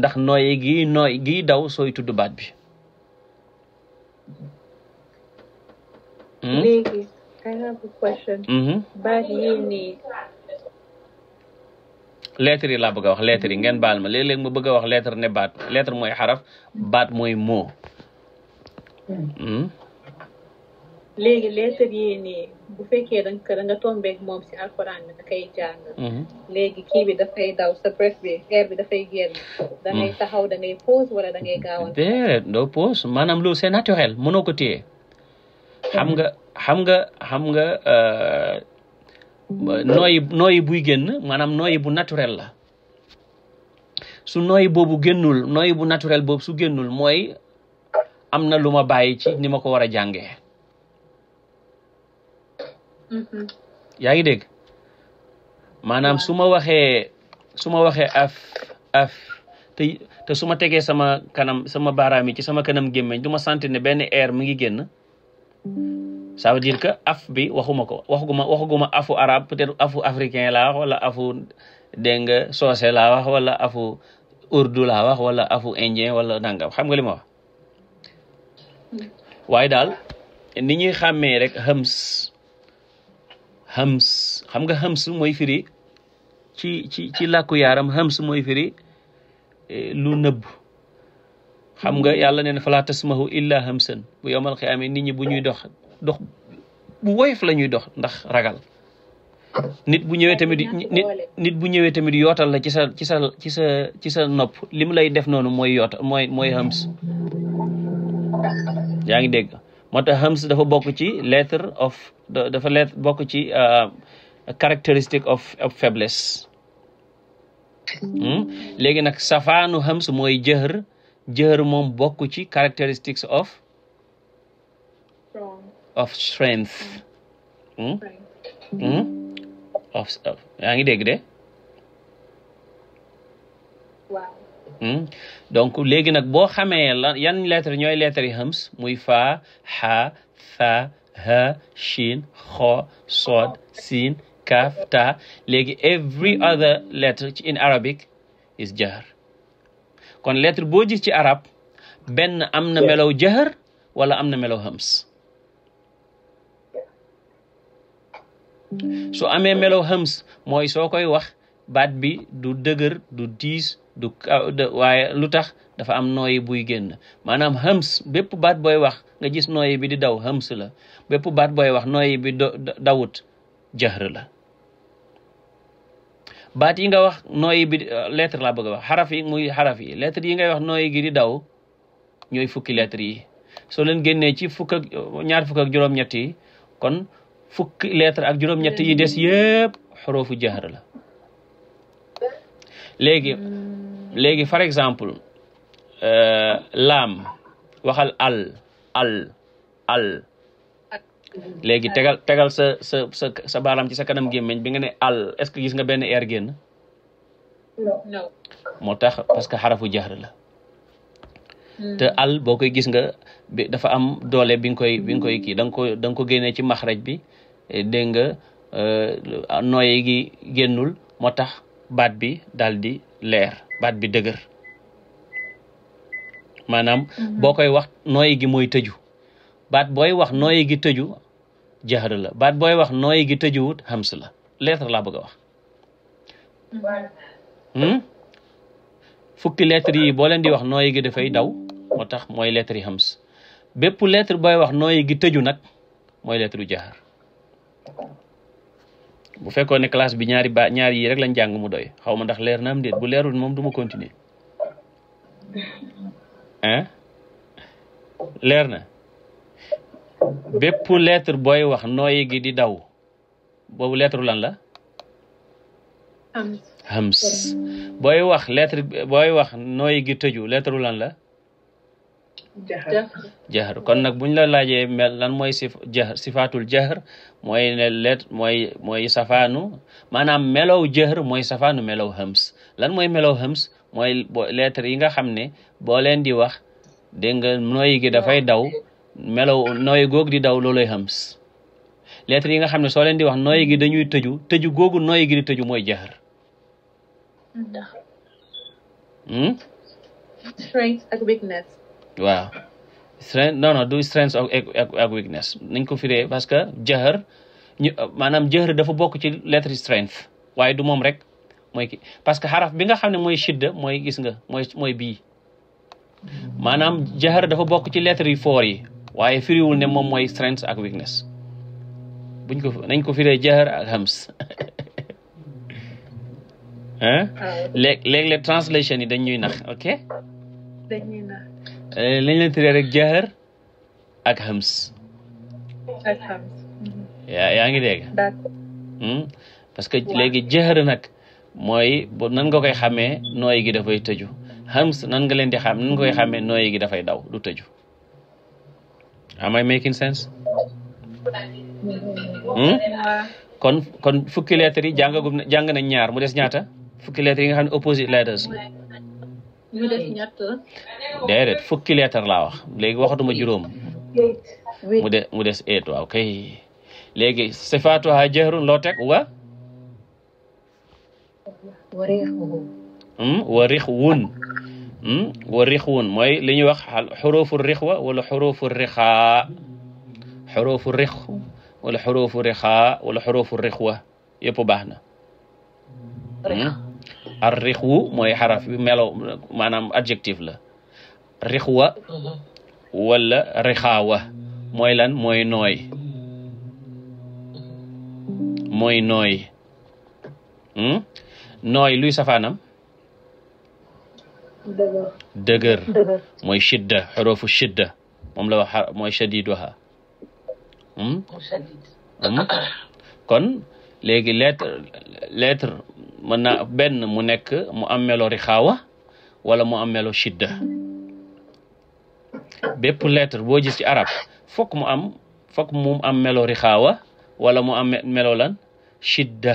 [SPEAKER 1] ndax nooyi gi daw sooy tudd baat bi léegi
[SPEAKER 2] hmm? I have mm-hmm. yi laa
[SPEAKER 1] bëgg wax lettre yi ngeen baal ma léeg-léeg ma bëgg a wax lettre ne baat lettre mooy xaraf baat mooy moo hmm?
[SPEAKER 2] léegi leetar nii bu fekkee da nga moom si alxuraan bi jàng. Mhm. léegi kii bi dafay daw sa presse bi dafay génn. da mhm. taxaw da ngay pause wala da ngay gaawal.
[SPEAKER 1] déedéet doo maanaam loolu c'est naturel mënoo ko téye. xam nga xam nga xam nga euh, nooyi buy génn maanaam nooyi bu naturel la su nooyi boobu génnul nooyi bu naturel boobu su génnul mooy am na lu ma bàyyi ci ni ma ko war a jànge yaa ngi dégg maanaam su ma waxee su ma waxee af af te te su ma tegee sama kanam sama baaraam yi ci sama kanam gémmeñ du ma sentir ne benn air mu ngi génn ça veut que af bi waxuma ko waxuguma waxuguma afu arabe peut-être afu africain laa wax wala afu dégg nga soose laa wax wala afu urdu laa wax wala afu indien wala nangam xam nga lima wax mm. waaye daal ni ñuy xàmmee rek hams hams xam nga hams mooy firi ci ci ci làkku yaaram hams mooy firi eh, lu nëbb xam nga yàlla nee na falaa tasmahu illa hamsan bu yowmal xiyaama nit ñi bu ñuy dox dox bu woyof dox ndax ragal nit bu ñëwee tamit nit bu ñëwee tamit yootal la ci sa ci sa ci sa ci sa nopp li mu lay def noonu mooy mooy mooy hams yaa ngi dégg moo tax Hams dafa bokk ci letter of dafa letter bokk ci uh, characteristic of of faiblesse hmm? léegi nag safaanu Hams mooy jëhër jëhër moom bokk ci characteristics of strength hmm? Hmm? of ngi dégg Hmm? donc léegi nag boo xamee lan yan lettre ñooy lettre yi hams muy fa ha tha ha shin xo sod sin kaf ta léegi every other letter in Arabic is jahr kon lettre boo gis ci arab benn am na melow jahr wala am na melow hams amee melow mooy soo koy wax baat bi du dëgër du diis du waaye lu tax dafa am nooyi buy génn maanaam hams bépp baat booy wax nga gis nooyi bi di daw hams la bépp baat booy wax nooyi bi dawut jahr la baat yi nga wax nooyi bi lettre la bëgg a wax xaraf yi muy xaraf yi lettre yi ngay wax nooyi gi di daw ñooy fukki lettre yi soo leen génnee ci fukk ak ak juróom-ñett kon fukki lettre ak juróom-ñett yi des yëpp xuroofu jahr la léegi hmm. léegi par exemple euh, laam waxal al al al léegi tegal tegal sa sa sa sa baaraam ci sa kanam gémmiñ bi nga ne al est-ce que gis nga benn air génn moo tax parce que xarafu jahr la hmm. te al boo koy gis nga dafa am doole bi nga koy bi nga koy hmm. kii da nga ko da nga ko génnee ci max maxraj bi eh, dégg nga euh, nooye gi génnul moo tax baat bi daal di leer baat bi dëgër maanaam mhm. boo koy wax nooy gi mooy tëju baat booy wax nooy gi tëju jahr la baat booy wax nooy gi tëjuwut hams la lettre laa bëgg a wax hmm? fukki lettre yi boo leen di wax nooy gi dafay daw moo tax mooy lettre yi hams bépp lettre booy wax nooy gi tëju nag mooy lettre jahr bu fekkoon ne classe bi ñaari baa ñaari yii rek lañ jàng mu doy xaw ma ndax leer na am bu leerul moom du ma continuer hein leer na bépp lettre booy wax nooyi gi di daw boobu lettre lan la hams booy wax lettre booy wax nooyi gi tëju lettre lan la jahr kon nag buñ la laajee mel lan mooy sif sifaatul jahr mooy mooy safaanu maanaam melow jahr mooy safaanu melow hams lan mooy melow hams mooy lettre yi nga xam ne boo leen di wax dégg nga nooyi gi dafay daw melow nooyi goog di daw looloy hams lettre yi nga xam ne soo leen di wax nooyi gi dañuy tëju tëju googu nooy gi di tëju mooy jahr waaw strength non non du strength ak ak nañ ko firee parce que jëhër ñu maanaam jëhër dafa bokk ci lettre strength waaye du moom rek mooy parce que xaraf bi nga xam ne mooy shidda mooy gis nga mooy mooy bii maanaam jëhër dafa bokk ci lettre yi foor yi waaye firiwul ne moom mooy strength ak weakness buñ ko nañ ko firee jëhër ak hams ah. léeg léeg-léeg translation yi nax ok
[SPEAKER 2] nax
[SPEAKER 1] Eh, lañ leen tuddee rek jahar ak hams ak yaa ngi dégg hmm? parce que léegi jahar nag mooy bu nan nga koy xamee nooy gi dafay tëju hams nan leen di xam nan koy xamee nooy gi dafay daw du tëju am I making sense hmm? kon kon fukki lettres yi jàngagum jàng nañ ñaar mu des ñaata fukki lettres yi nga xam ne opposite letters la
[SPEAKER 2] ñu def ñett.
[SPEAKER 1] déedéet fukki leetar laa wax léegi waxatuma juróom. mu de mu des eet waaw kay léegi sifaatuha jahrun loo teg wa. wa rix hmm, wun. Hmm, wa rix wun mooy li ñuy wax xuruufu rixwa wala xuruufu rixaa xuruufu rix wala xuruufu rixaa wala xuruufu rixwa yëpp baax na. Hmm? ar rixwu mooy xaraf bi melo maanaam adjectif la rixwa wala rixaawa mooy lan mooy nooy mooy nooy hmm? nooy luy safaanam dëgër mooy shidda xuroofu shidda moom la wax mooy shadiduha hmm? hmm? kon léegi lettre lettre mën na benn mu nekk mu am melo rixaawa wala mu am melo shidda bépp lettre boo gis ci arab fokk mu am fokk mu am melo rixaawa wala mu am melo lan shidda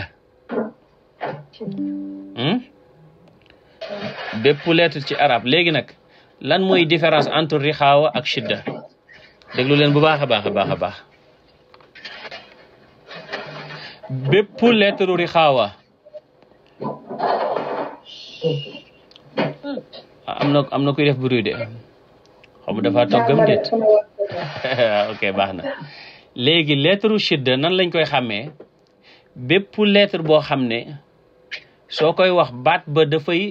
[SPEAKER 1] hmm? bépp lettre ci arab léegi nag lan mooy différence entre rixaawa ak shidda déglu leen bu baax a baax a baax a baax bépp am na am na kuy def bruit de xamu dafa toggam déet ok baax na léegi lettre shidda nan lañ koy xàmmee bépp lettre boo xam ne soo koy wax baat ba dafay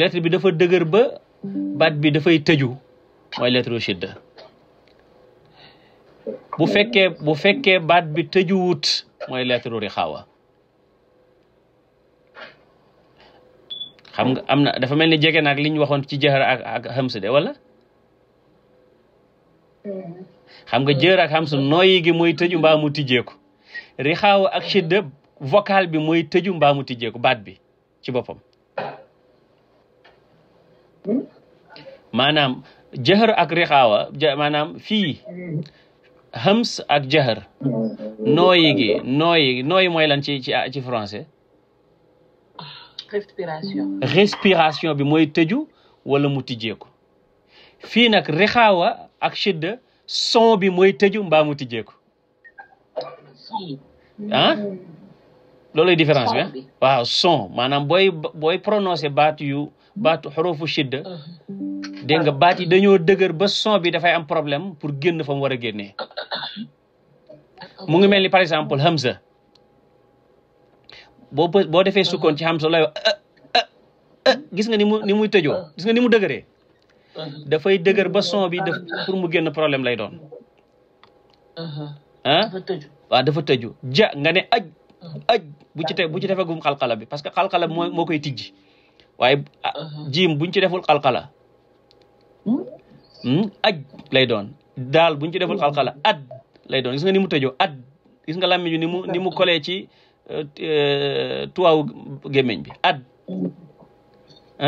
[SPEAKER 1] lettre bi dafa dëgër ba baat bi dafay tëju mooy lettre shidda bu fekkee bu fekkee baat bi tëjuwut mooy lettre rixaawa xam nga am na dafa mel ni jege nag li ñu waxoon ci jëhër ak ak xamsu de wala mm. xam nga jëhër ak xamsu nooyi gi mooy tëju mbaa mu tijjeeku rixaaw ak shidda vocal bi mooy tëju mbaa mu tijjeeku baat bi ci boppam hmm? maanaam jëhër ak rixaawa maanaam fii xams ak jëhër mm. nooyi gi nooyi nooyi mooy lan ci ci ci français respiration bi mooy tëju wala mu tijjeeku fii nag rixaawa ak shidda son bi mooy tëju mbaa mu tijjeeku ah loolay différence ah? bi waaw son maanaam booy booy prononcé baatu yu baatu xorofu shidda uh-huh. dégg nga baat yi dañoo dëgër ba son bi dafay am problème pour génn fa mu war a génnee mu ngi mel ni par exemple hamza boo bë boo defee sukkoon ci hamza lay gis nga ni mu ni muy tëjoo gis nga ni mu dëgëree dafay dëgër ba son bi daf pour mu génn problème lay doon ah dafa tëju ja nga ne aj aj bu ci te bu ci defagum xalxala bi parce que xalxala bi moo koy tijji waaye ah, jiim buñ ci deful xalxala hmm, aj lay doon daal buñ ci deful xalxala ad lay doon gis nga ni mu tëjoo ad gis nga làmmiñu ni ni mu kolee ci tuwaawu gémmiñ bi ad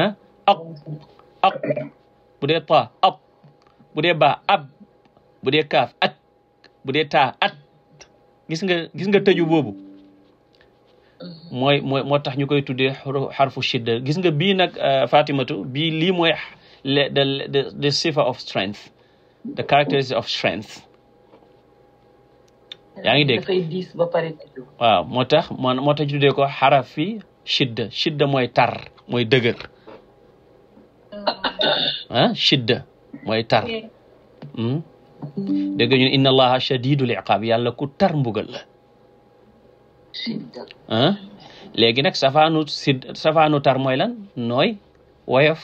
[SPEAKER 1] ah aq aq bu dee ta ab bu dee ba ab bu dee kaaf ak bu dee taa at gis nga gis nga tëju boobu mooy mooy moo tax ñu koy tuddee xarfu shidda gis nga bii nag euh, Fatimatu bii lii mooy the the sifa of strength the characteristics of strength yaa ngi dégg dafay diis ba pare. waaw moo tax man moo tax ñu tuddee ko xarafi shidda shidda mooy tar mooy dëgër ah shidda mooy tar
[SPEAKER 2] dégg
[SPEAKER 1] hmm? ñun inna allaha shadidul iqaab yàlla ku tar mbugal la ah nag safaanu tar mooy lan nooy woyof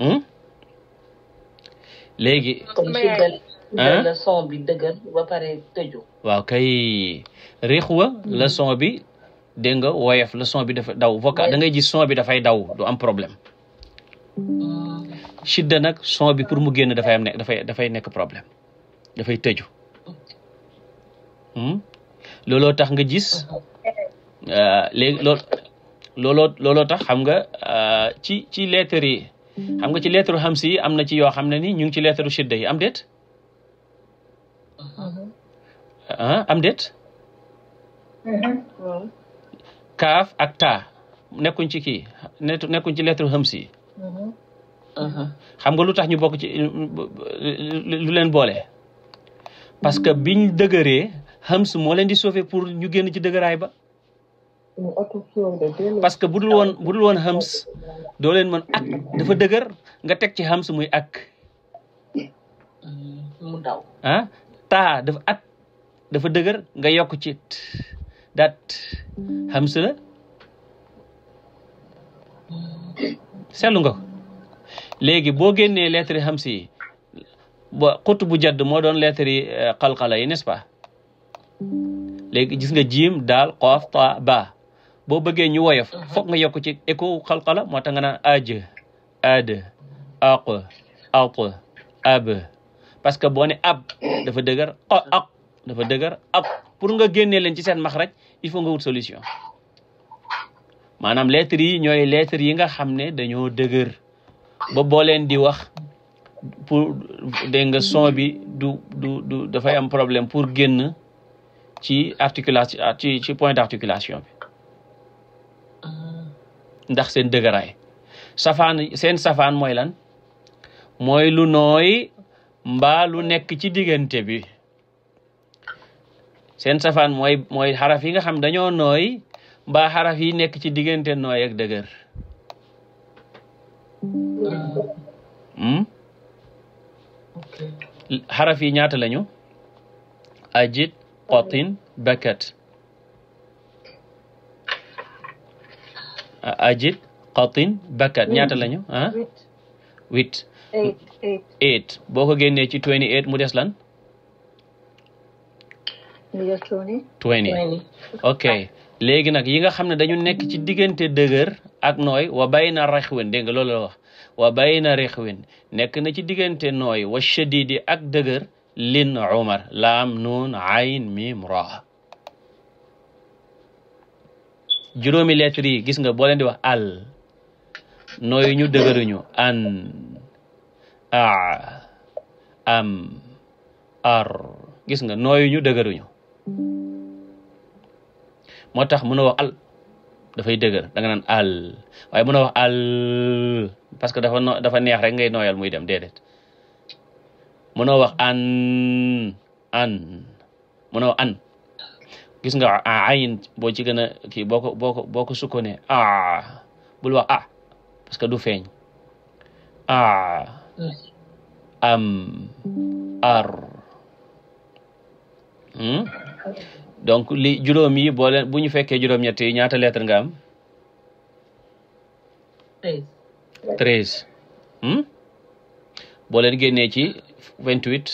[SPEAKER 1] hmm? léegi
[SPEAKER 2] son bi dëgër ba
[SPEAKER 1] waaw kay riixwa mm-hmm. la son bi dégg nga woyof la son bi dafa daw vocal da ngay gis son bi dafay daw du am problème. Mm-hmm. shidda nag son bi pour mu génn dafay am ne dafay dafay nekk problème dafay tëju. Hmm? looloo tax nga jis mm-hmm. euh, léegi lool looloo looloo tax xam nga euh, ci ci lettres yi. xam nga ci lettre xam yi am na ci yoo xam ne ni ñu ngi ci lettre shidda yi am déet. ah am déet
[SPEAKER 2] mm-hmm.
[SPEAKER 1] kaaf ak taa nekkuñ ci kii nekkuñ ci lettre xëms yi mm-hmm. uh-huh. xam nga lu tax ñu bokk ci lu leen boole parce que mm-hmm. biñ dëgëree xëms moo leen di sauver pour ñu génn ci dëgëraay ba parce que bu dul woon bu dul woon xëms doo leen mën ak dafa dëgër nga teg ci xëms muy ak taa dafa ak dafa dëgër nga yokku ci daat hamsa la seetlu nga léegi boo génnee lettre yi hamsa yi ba bu jadd moo doon lettre yi euh, xalxala yi n'est-ce pas léegi gis nga jiim daal xoof ta ba boo bëggee ñu woyof foog nga yokk ci écho xalxala moo tax nga naan aj ad aq aq ab parce que boo ne ab dafa dëgër aq dafa dëgër ak pour nga génnee leen ci seen maxraj il faut nga wut solution maanaam lettres yi ñooy lettres yi nga xam ne dañoo dëgër ba boo leen di wax pour dégg nga son bi du du du dafay am problème pour génn ci articulation ah, ci ci point d'articulation bi ndax seen dëgëraay safaan seen safaan mooy lan mooy lu nooy mbaa nekk ci diggante bi seen safaan mooy mooy xaraf yi nga xam dañoo nooy mbaa xaraf yi nekk ci diggante nooy ak dëgër hmm? xaraf yi ñaata lañu ajit qotin bakat ajit qotin bakat ñaata lañu ah huit eight boo ko génnee ci twenty mu des lan
[SPEAKER 2] twenty
[SPEAKER 1] léegi nag yi nga xam ne dañu nekk ci diggante dëgër ak nooy wa bay na rexwin dégg la wax wa bay na rexwin nekk na ci diggante nooy wa shadidi ak dëgër lin umar laam nuun ayn mim ra juróomi lettre gis nga boo leen di wax al nooyuñu ñu an a am ar gis nga nooyuñu dëgëruñu moo tax mën a wax al dafay dëgër da naan al waaye mën wax al parce que dafa neex rek ngay nooyal muy dem déedéet mën a wax an an mën wax an gis nga ayin boo ci gën a kii boo ko boo ko bul wax a parce que du feeñ a am ar hmm? donc li juróom yi boo leen bu ñu fekkee juróom-ñett ñaata lettre ngaam am.
[SPEAKER 2] treize.
[SPEAKER 1] treize. Hmm? boo leen génnee ci vingt huit.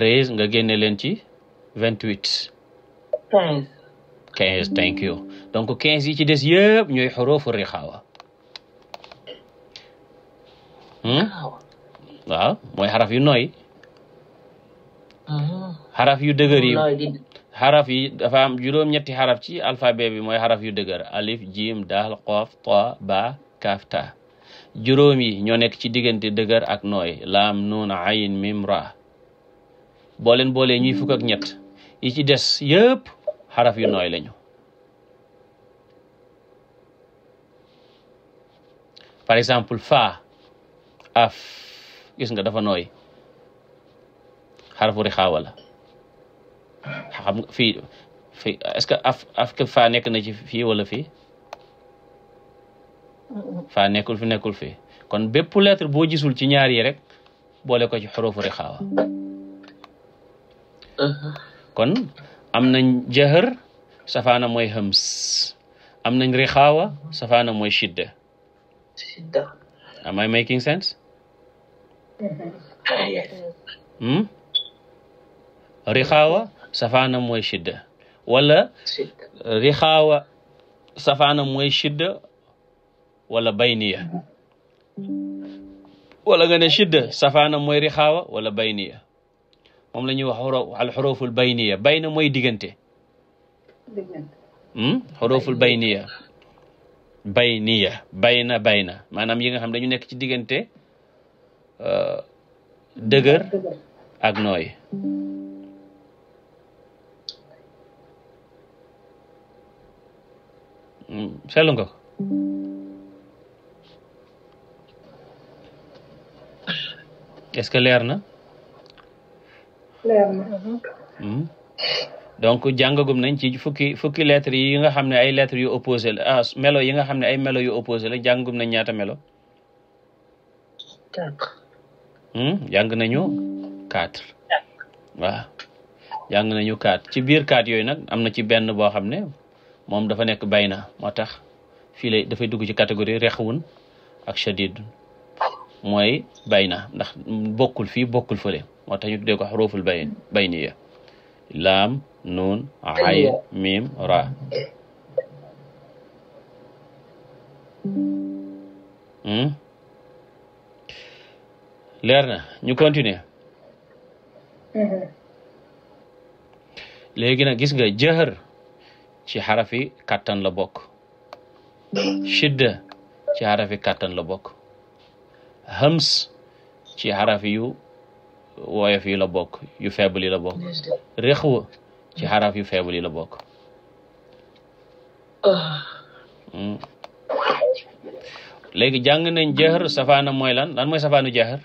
[SPEAKER 1] vingt. nga génne leen ci vingt huit. quinze. quinze thank you donc quinze yi ci des yëpp ñooy xuruufu rixaawa. Hmm? waaw mooy xaraf yu nooy ah. xaraf yu dëgër yi xaraf yi dafa am juróom-ñetti xaraf ci alphabet bi mooy xaraf yu dëgër alif jim daal qoof ta ba kafta juróom yi ñoo nekk ci diggante dëgër ak nooy laam nuun ayn mim ra boo ñuy fukk ñett yi ci des yëpp xaraf yu nooy lañu par exemple fa gis nga dafa nooy xarfu rixaawa la xam nga fii fii est faa nekk na ci fii wala fii faa nekkul fi nekkul fii kon bépp lettre boo gisul ci ñaar yi rek boole ko ci xurufu rixaawa kon am nañ jëhër safaana mooy hams am nañ rixaawa safaana mooy shidda am I making sense Hmm? rixaawa safaana mooy shidda wala rixaawa safaana mooy shidda wala bayniya wala nga ne shidda safaanam mooy rixaawa wala bayniya moom la ñuy wax al xuruful bayniya bayna mooy diggante hmm? xuruful bayniya bayniya bayna bayna maanaam yi nga xam dañu nekk ci diggante Euh, dëgër ak nooy mm, seetlu nga ko que leer na leer na mm. donc nañ ci fukki fukki lettres yi nga xam ne ay lettres yu opposé la ah, melo yi nga xam ne ay melo yu opposé la jàngagum nañ ñaata melo jàng hmm? nañu quatre waaw jàng nañu quatre ci biir quatre yooyu nag am na ci benn boo xam ne moom dafa nekk bay na moo tax fii lay dafay dugg ci catégorie rexwun ak shadid mooy bay na ndax bokkul fii bokkul fële moo tax ñu tuddee ko xuruuful bay bayniya laam nuun ay miim ra hmm? leer na ñu continuer mhm. léegi nag gis nga jëhër ci xarafi kàttan la bokk shidda ci xarafi kàttan la bokk hams ci xarafi yu woyof yi la bokk yu faible yi la bokk rexw ci xaraf yu feebal yi la bokk hmm. léegi jàng nañ jëhër safaana mooy lan lan mooy safaanu jëhër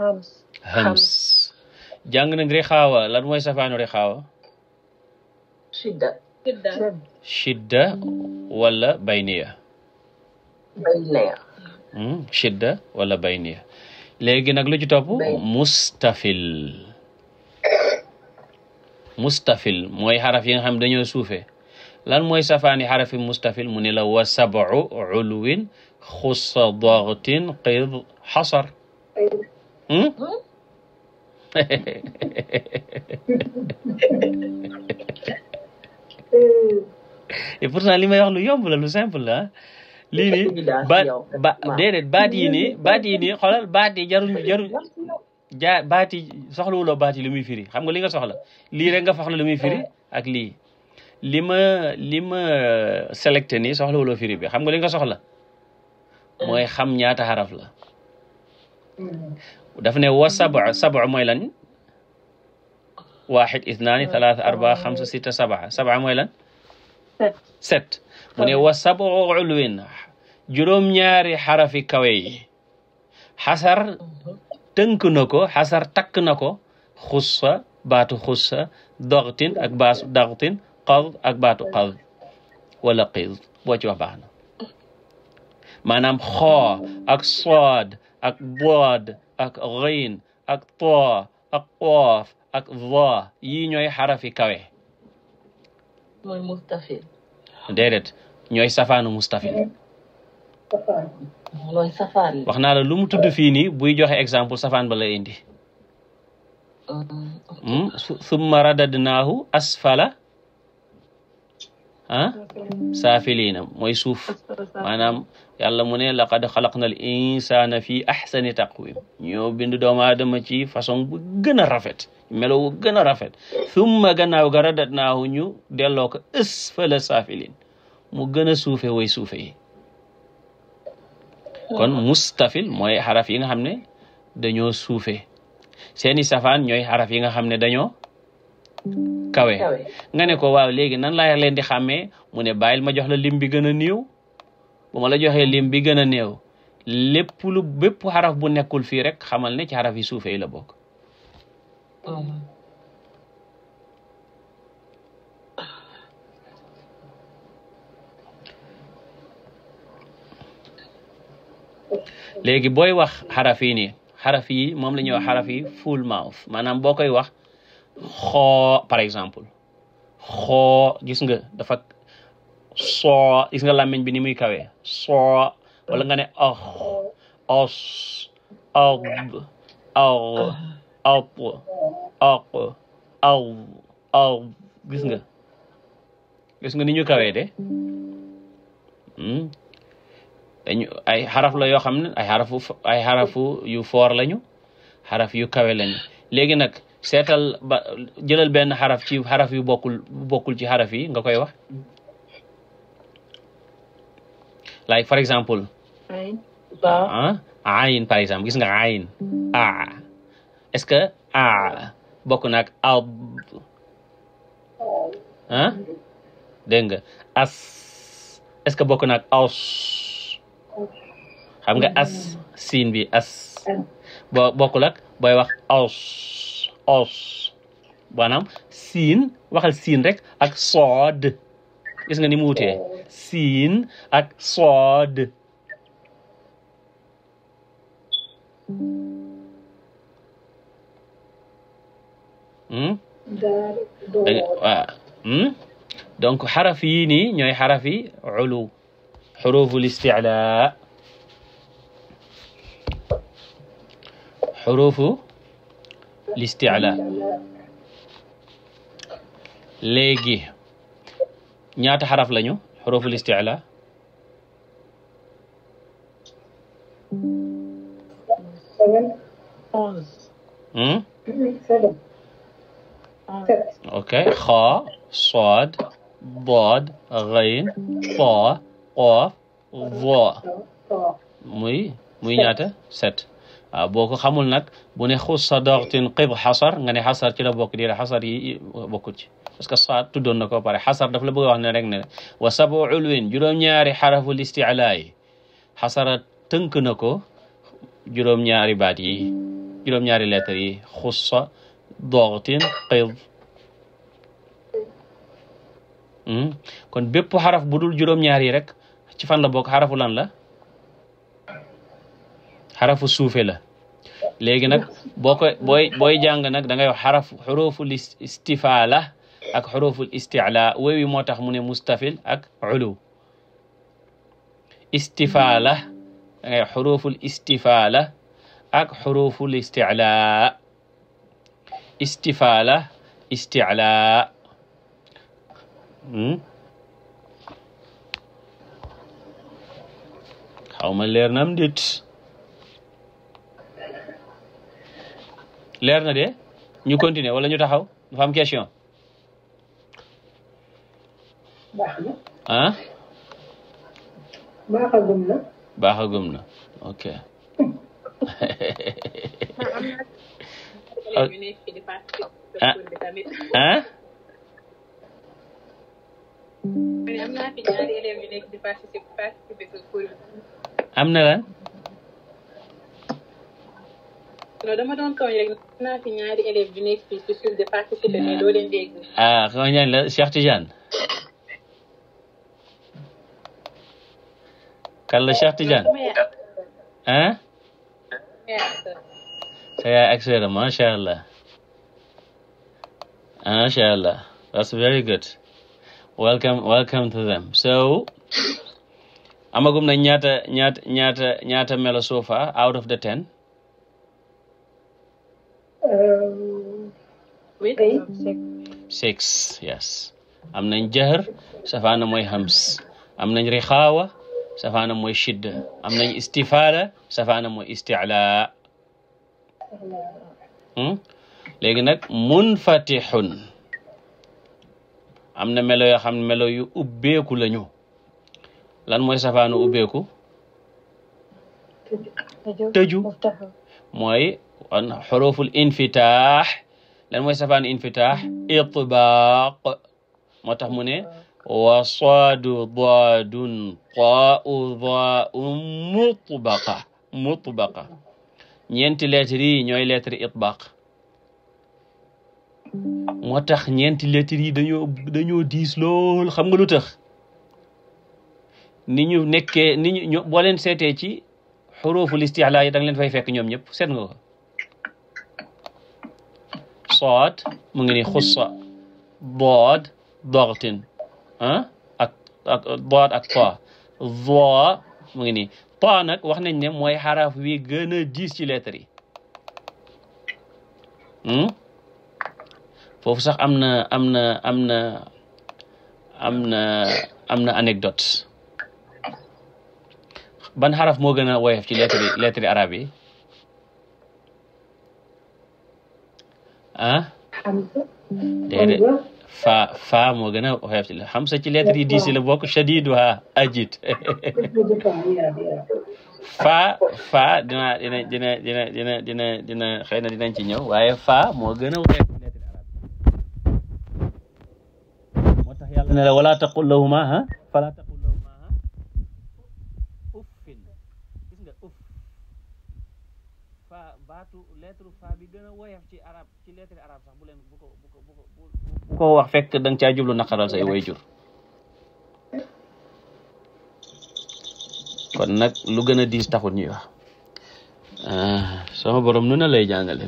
[SPEAKER 1] hams jàng nañ rixaawa lan mooy safaanu rixaawa shidda wala bayniya bayniya hmm, shidda léegi nag lu ci topp mustafil mooy xaraf yi nga xam dañoo suufe lan mooy safaani xarafi mustafil mu ne la wa sabu ulwin xusa doxtin qid xasar Hmm?
[SPEAKER 2] hmm?
[SPEAKER 1] et pourtant li may wax lu yomb la lu simple la ah. lii nii baat ba déedéet baat yi nii baat yi nii xoolal lu muy firi xam nga li nga soxla lii rek nga soxla lu muy firi ak lii li ma li ma sélecté nii soxlawuloo firi bi xam nga li nga soxla hmm. mooy xam ñaata xaraf la. Hmm. daf ne wa saba saba mooy lan waaxid isnaani talaata arbaa xamsa sita saba saba mooy lan sept mu ne wa saba ulwin juróom-ñaari xarafi kawe yi tënk na ko takk na ko xussa ak baatu doxtin qard ak baatu qard wala qid boo ci wax baax na ak sood ak bood ak ghayn ak taa ak qaaf ak zaa yii ñooy xarafi kawe.
[SPEAKER 2] mooy mustafil.
[SPEAKER 1] déedéet ñooy safaanu mustafil.
[SPEAKER 2] mooy wax
[SPEAKER 1] naa la lu mu tudd fii nii buy joxe exemple safaan bala la indi. summa radadnaahu asfala ah saafiliina mooy suuf maanaam yàlla mu ne laqad xalaqna al insana fi ahsani taqwim ñoo bindu doomu aadama ci façon bu gën a rafet melo bu gën a rafet thumma gannaaw ga radatnaahu ñu delloo ko asfala saafiliin mu gën a suufe way suufe yi kon mustafil mooy xaraf yi nga xam ne dañoo suufe seeni safaan ñooy xaraf yi nga xam ne dañoo kawe nga ne ko waaw léegi nan laa leen di xàmmee mu ne bàyyil ma jox la lim bi gën a néew bu la joxee lim bi gën a néew lépp lu bépp xaraf bu nekkul fii rek xamal ne ci xaraf yi suufe la bokk léegi booy wax xaraf yi nii xaraf moom la ñuy wax full mouth maanaam boo koy wax xoo par exemple xoo gis nga dafa soo gis nga làmmiñ bi ni muy kawee soo wala nga ne ox os aw aw gis nga gis nga ni ñu kawee de hmm? dañu ay xaraf la yoo xam ne ay xarafu yu foor lañu xaraf yu kawe lañu léegi nag seetal jëlal benn xaraf ci xaraf yu bokkul bokkul ci xaraf nga koy wax like for example ah ayin par exemple gis nga ayin a est-ce que a bokk naag ab ah? nga as est-ce que bokk naag aws xam nga as siin bi as bo bokkul wax aws os maanaam siin waxal siin rek ak sood gis nga ni mu siin ak sood waaw hmm? eh, ah, hmm? donc xaraf ñooy xaraf yi ulu xuruful isticlaa l'istila léegi ñaata xaraf lañu xuruful istila hmm? ok xaa saad daad gayn taa qaaf vaa muy muy ñaata set waaw euh, boo ko xamul nag bu ne xussa doxtin xib xasar nga ne xasar ci la bokk di la xasar yi bokkul ci parce que sa tuddoon na ko pare xasar xa la rek ne wa sabu ulwin juróom-ñaari xaraful isticlaa yi xasara tënk na ko juróom-ñaari baat yi juróom-ñaari lettre yi xussa doxtin xib hmm? kon bépp xaraf bu dul juróom rek ci fan la bokk la xarafu suufe la léegi nag boo ko booy booy jàng nag da ngay wax xaraf xuruful istifaala ak xuruful isticla woowi moo tax mu ne mustafil ak ulu istifaala da ngay xuruful istifaala ak xuruful isticla istifaala isticla hmm? xaw ma leer na am dit leer na de ñu continuer wala ñu taxaw dafa am question ah
[SPEAKER 2] baaxagum na
[SPEAKER 1] baaxagum na ok ah. Ah. ah am na lan
[SPEAKER 2] non dama doon tooñ rek naa fi ñaari allah.
[SPEAKER 1] macha allah that's very good. welcome to them so. amagum na ñaata ñaata melo so far out of the ten. wait euh, six am nañ jahr safaana mooy hams am nañ rixaawa safaana mooy shidda am nañ istifaala safaana mooy isticla hmm? léegi nag munfatixun am na melo yu ubbeeku lañu lan mooy safaanu ubbeeku tëju mooy kon xuruful infitaax lan mooy safaan infitaax itbaaq moo tax mu ne wa saadu daadun qaau daaun mutbaqa mutbaqa ñeenti lettres ñooy lettre itbaaq moo tax ñeenti lettres yi dañoo dañoo diis lool xam nga lu tax ni ñu nekke ni ñu boo leen seetee ci xuruful istixlaa yi da nga fay fekk ñoom ñëpp seet nga saad mu ngi nii xussa daad dartin ah ak ak daad ak ta daa mu ngi nii ta nag wax nañ ne mooy xaraf wi gën a diis ci lettre yi hmm? foofu sax am na am na am na am na am na anecdote ban xaraf moo gën a woyof ci lettre yi lettre arabe yi ah déedéet faa faa moo gën a oyof ci la Hamza ci lettre yi diisi la bokk shadiduha ajid faa faa dina dina dina dina dina dina dina xëy na dinañ ci ñëw waaye faa moo gën a oyof ci lettre arab moo tax yàlla ne la wala taqul lahuma ha fala taqul bu ko wax fekk da nga caa na naqaral say waajur kon nag lu gën a diis taxul ñuy wax ah, borom nu na lay jàngale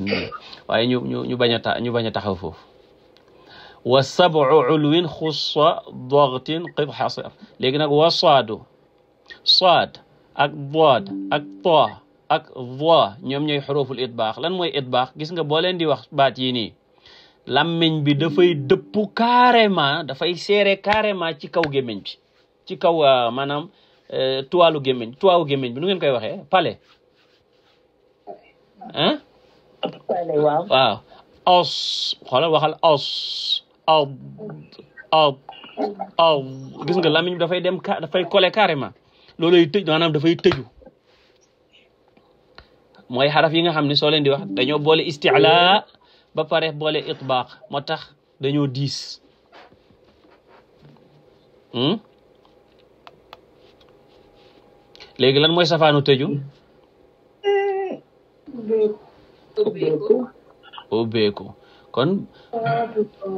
[SPEAKER 1] waaye ñu baña ñu bañ a a taxaw foofu wa sabu ulwin xussa dogtin qib léegi nag wa saadu saad ak bood ak too ak voix ñoom ñooy xuruful baax lan mooy baax gis nga boo leen di wax baat yii nii làmmiñ bi dafay dëpp carrément dafay serré carrément ci kaw gémmiñ bi ci kaw euh, maanaam euh, tuwaalu gémmiñ tuwaalu gémmiñ bi nu ngeen koy waxee palais ah waaw os xoolal waxal os ob gis nga làmmiñ bi dafay dem dafay collé carrément looluy tëj dafay tëju mooy xaraf yi nga xam ne soo leen di wax dañoo boole isticlaa ba pare boole itbaaq moo tax dañoo diis hmm? léegi lan mooy safaanu tëju ubbeeku kon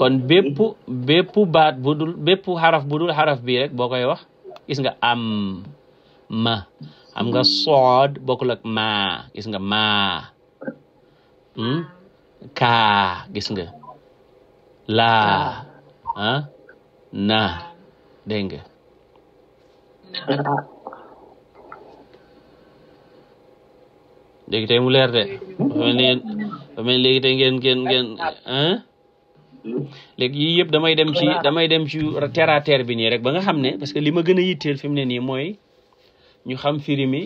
[SPEAKER 1] kon bépp baat bu dul bépp xaraf bu dul xaraf bii rek boo koy wax gis nga am ma xam nga mm-hmm. sood bokkul ak maa gis nga maa hmm? kaa gis nga laa ah na dégg nga léegi tey mu leer de ba mel léegi tey ngeen ngeen ngeen léegi yii yëpp damay dem ci damay dem ci bi nii rek ba nga xam ne parce que li ma gën a yitteel fi mu ne nii mooy ñu xam firi mi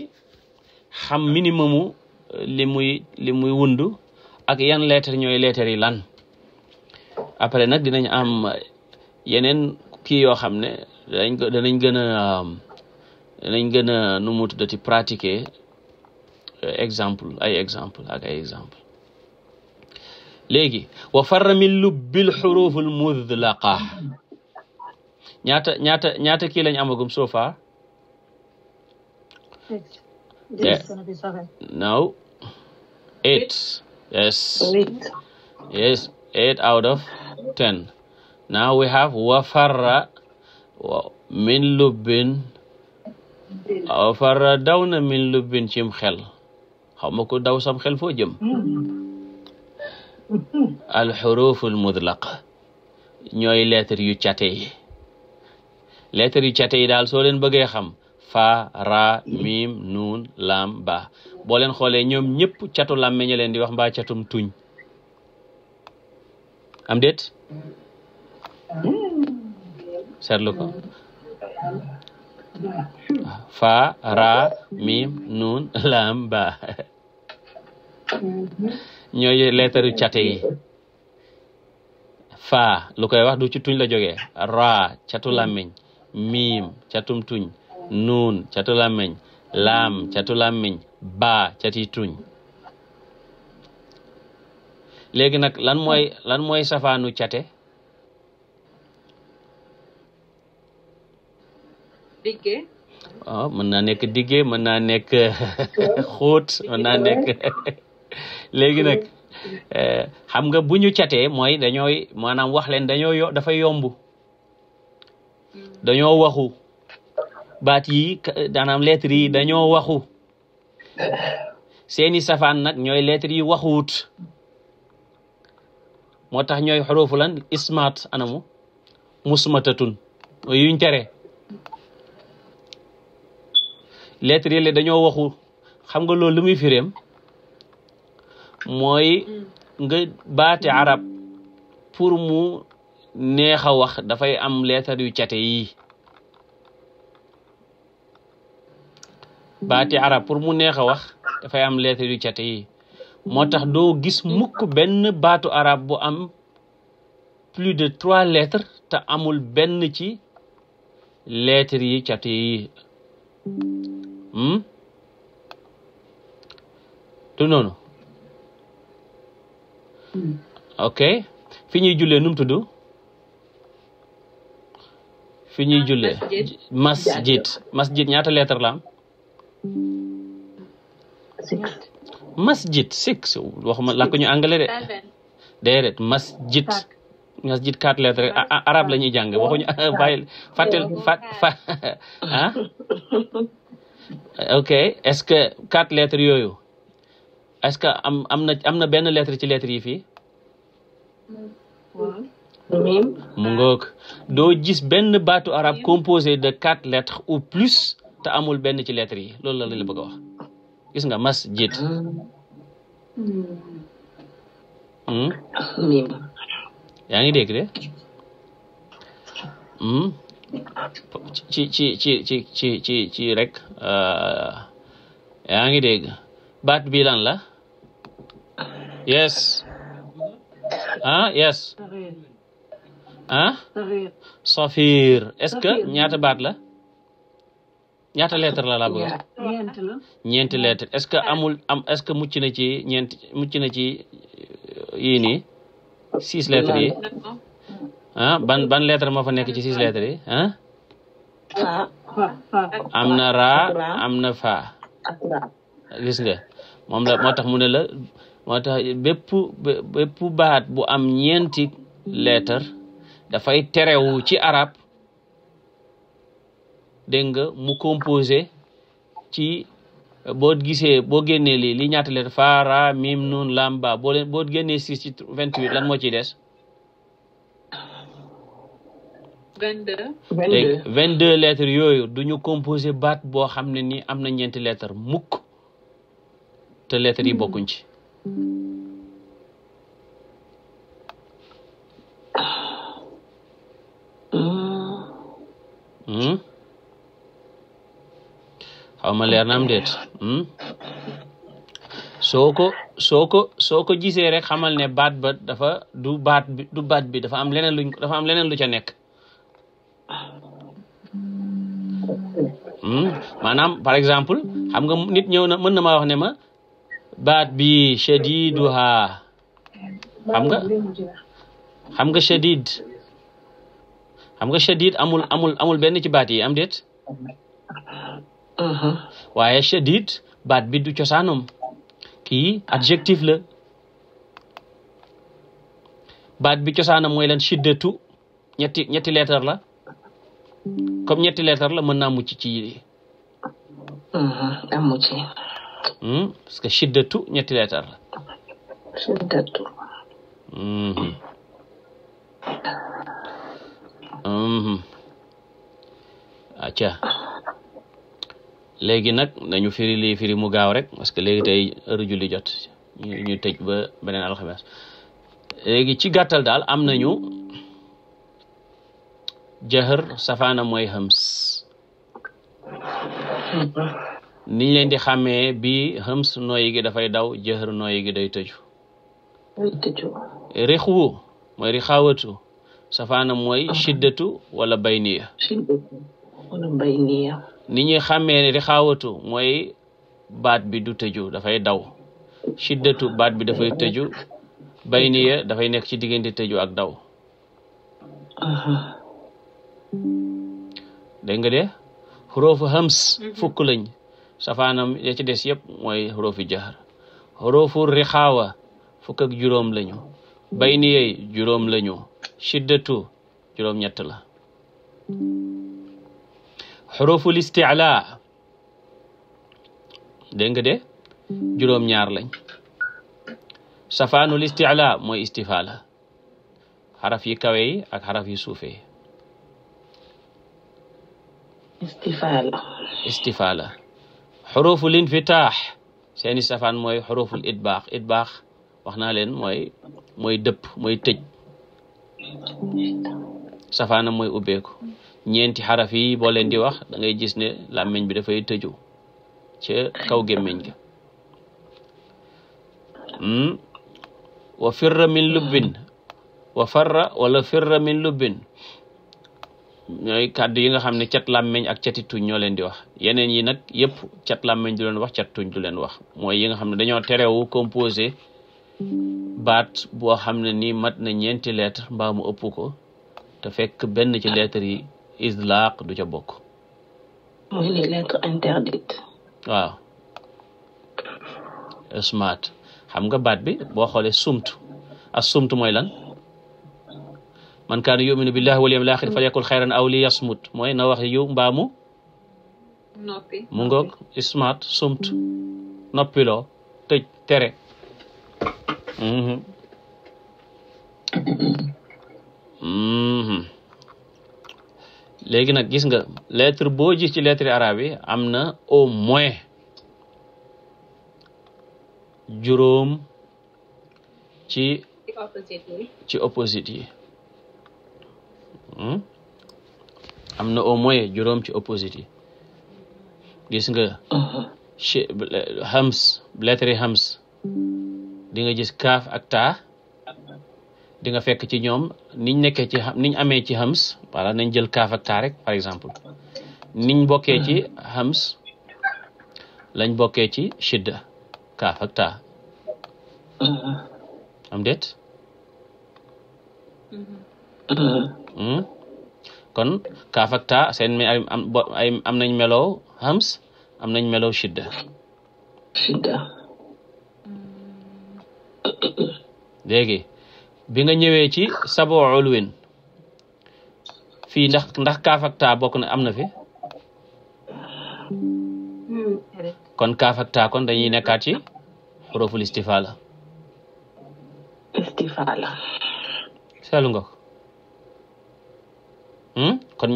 [SPEAKER 1] xam minimumu euh, li muy li muy wundu ak yan lettre ñooy lettre yi lan après nag dinañ am euh, yeneen kii yoo xam ne danañ danañ gën a danañ gën a nu mu tuddati pratiquer euh, exemple ay exemple ak ay exemple léegi wa farra min lubbil xuruful mudlaqa ñaata ñaata ñaata kii lañ amagum so It's. This yeah. Now we have wafarra min lubbin wafarra daw na min lubbin cim xel xaw ma ko daw sam xel foo jëm alxuruful mudlaq ñooy lettre yu cate yi lettre yu cate yi daal soo leen bëggee xam fa ra miim nuun laam ba boo leen xoolee ñoom ñépp catu làmmeñ leen di wax mbaa catum tuñ am déet seetlu ko fa ra miim nuun laam ba ñooy leetaru cate yi fa lu koy wax du ci tuñ la jógee ra catu làmmeñ miim catum tuñ nuun catu làmmiñ laam catu làmmiñ baa cati tuñ léegi nag lan mooy lan mooy safaanu cate diggee waaw oh, mën naa nekk diggee mën naa nekk xóot mën naa nekk léegi nag eh, xam nga bu ñu catee mooy dañooy maanaam wax leen dañoo dafa yomb hmm. dañoo waxu baat yi daanaam lettre yi dañoo waxu seeni safaan nag ñooy lettre yi waxuwut moo tax ñooy xurufu lan ismaat anamu musmatatun mooy yuñ tere lettre yi dañoo waxu xam nga loolu lu muy firéem mooy nga baati arab pour mu neexa wax dafay am lettre yu cate yi baati arab pour mu neex a wax dafay am lettre yu cate yi moo tax doo gis mukk benn baatu arab bu am plus de trois lettres te amul benn ci lettres yi cate yi hmm? du noonu ok fi ñuy jullee num tudd fi ñuy jullee masjid masjid ñaata lettre la am six masjid six waxuma laa ko ñu anglais de déedéet masjid masjid quatre lettres arabe la ñuy jàng waxuñu ah, bàyyil fàttel fat fa ah ok est-ce que quatre lettres yooyu est-ce que am am na am na benn lettre ci lettres yi fii mu ngoog doo gis benn baatu arabe composé de quatre lettres ou plus te amul benn ci lettre yi loolu la la bëgg a wax gis nga masjid. Hmm? yaa ngi dégg de. Hmm? ci ci ci ci ci ci ci rek yaa ngi dégg baat bi lan la. yes. ah yes. ah. safiir est-ce que ñaata baat la. ñaata lettre la laa bëgg ñeenti lettre est-ce que amul am est que mucc na ci ñeenti mucc na ci euh, yii nii six lettres yi ah, ban ban lettre moo fa nekk ci six lettres yi ah?
[SPEAKER 2] am na raa
[SPEAKER 1] am na fa gis nga moom la moo tax mu ne la moo tax bépp baat bu am ñeenti lettre dafay terewu ci arab dégg nga mu composé ci boo gisee boo génnee lii li ñaata lettre fa ra mim nun lam ba boo génnee six ci vingt huit lan moo ciy des léegi vingt deux lettres yooyu du ñu composé baat boo xam ne ni am na ñeenti lettre mukk te lettres yi bokkuñ ci ah. hmm? xaw ma leer na am déet hmm? soo ko soo ko soo ko gisee rek xamal ne baat ba dafa du baat bi du baat bi dafa am leneen luñ dafa am leneen lu ca nekk hmm? maanaam par exemple xam nga nit ñëw na mën na maa wax ne ma baat bi shadiduha xam nga xam nga shadid xam nga shadid amul amul amul benn ci baat yi am déet waaye shadid baat bi du cosaanam kii adjectif la baat bi cosaanam mooy lan shiddatu ñetti ñetti leetar la comme ñetti leetar la mën naa mucc ci yi am mucc hmm? parce que shiddatu ñetti leetar la
[SPEAKER 2] shiddatu
[SPEAKER 1] hmm. hmm. acca léegi nag nañu firi lii firi mu gaaw rek parce que léegi tey heure julli jot ñu tëj ba beneen alxames léegi ci gàttal daal am nañu jahër safaana mooy hams niñ leen di xàmmee bii hams nooyi dafay daw jahër nooy gi day tëju rixwu mooy rixaawatu safaana mooy shiddatu wala bayniya ni ñuy xàmmee ne di xaawatu mooy baat bi du tëju dafay daw shiddatu baat bi dafay tëju bayniya dafay nekk ci diggante tëju ak daw dégg nga de xuróofu hams fukk lañ safaanam ya ci des yëpp mooy xuróofu jaxar xuróofu rixaawa fukk juróom lañu bayniyey juróom lañu shiddatu juróom ñett la xuruful isti'la dégg nga de juróom ñaar lañ safaanul isti'la mooy istifaala xaraf yi kawe yi ak xaraf yi suufe yi
[SPEAKER 2] istifaala
[SPEAKER 1] istifaala xuruful seeni safaan mooy xuruful itbaax itbaax wax naa leen mooy mooy dëpp mooy tëj safaanam mooy ubbeeku ñeenti xaraf yi boo leen di wax da ngay gis ne làmmiñ bi dafay tëju ca kaw gémmiñ ga hmm? wa firra min lubbin wa farra wala firra min lubbin ñooy kàddu yi nga xam ne cat làmmiñ ak cati tuñ ñoo leen di wax yeneen yi nag yëpp cat làmmiñ du leen wax cat tuñ du leen wax mooy yi nga xam ne dañoo terewu composé baat boo xam ne nii mat na ñeenti lettre mbaa mu ëpp ko te fekk benn ci lettre yi islaaq du ca bokk
[SPEAKER 2] mooy les lettres interdites
[SPEAKER 1] waaw xam nga baat bi boo xoolee sumt a sumt mooy lan man kaana yuminu billahi wal yawmil axir falyakul xayran aw li yasmut mooy na wax yu mbaamu
[SPEAKER 2] noppi mu ngoog
[SPEAKER 1] ismaat sumt noppiloo tëj tere mhm. Mhm. léegi nag gis nga lettre boo gis ci lettre arabe yi am na au moins juróom ci ci opposite yi hmm? am na au moins juróom ci opposite gis nga hams lettre yi hams di nga gis kaaf di nga fekk ci ñoom niñ nekkee ci niñ amee ci hams wala nañ jël kaaf ak rek par exemple niñ bokkee ci hams lañ bokkee ci shidda kaaf ak am déet hmm? kon kaaf ak seen ay am nañ melow hams am nañ melow shidda shidda léegi bi nga ñëwee ci sabo ulwin fii ndax ndax kaaf ak bokk na am na fi kon kaaf ak taa kon dañuy nekkaat ci xuruful istifaala
[SPEAKER 2] istifaala
[SPEAKER 1] seetlu nga hmm? kon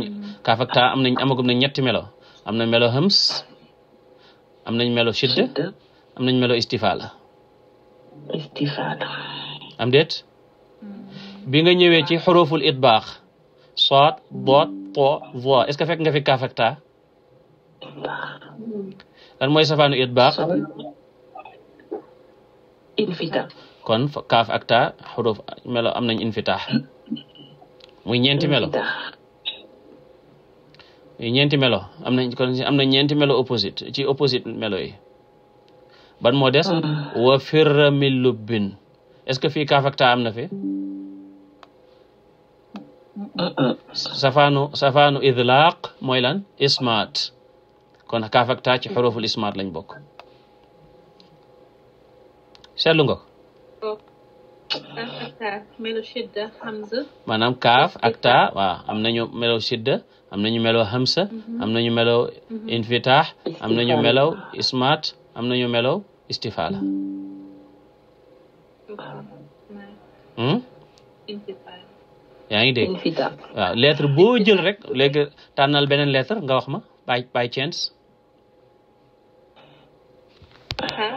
[SPEAKER 1] kaaf ak am nañ amagum nañ ñetti melo am na melo hams am nañ melo shidd nañ melo istifaala istifaala am déet bi nga ñëwee ci xuruful itbaax soit boot po voi est-ce que fekk nga fi kaaf ak taa mooy safaanu itbaax kon kaaf xuruf melo am nañ infitaax muy ñeenti melo muy ñeenti melo am nañ kon am na ñeenti melo opposite ci opposite melo yi ban moo des hmm. wa firra lubbin est-ce que fii kaaf am na fi Uh, uh, safaanu safaanu idlaaq mooy lan ismaat kon kaaf ak taa ci ismaat lañ bokk seetlu nga ko maanaam kaaf ak taa waaw am nañu melo shidda am nañu melo hamsa mhm. am nañu melo mhm. infitaax am nañu melo ismaat am nañu melo istifaala hmm? yaa ngi dégg waaw lettre boo jël rek léegi tànnal beneen lettre nga wax ma by by chance
[SPEAKER 2] oh,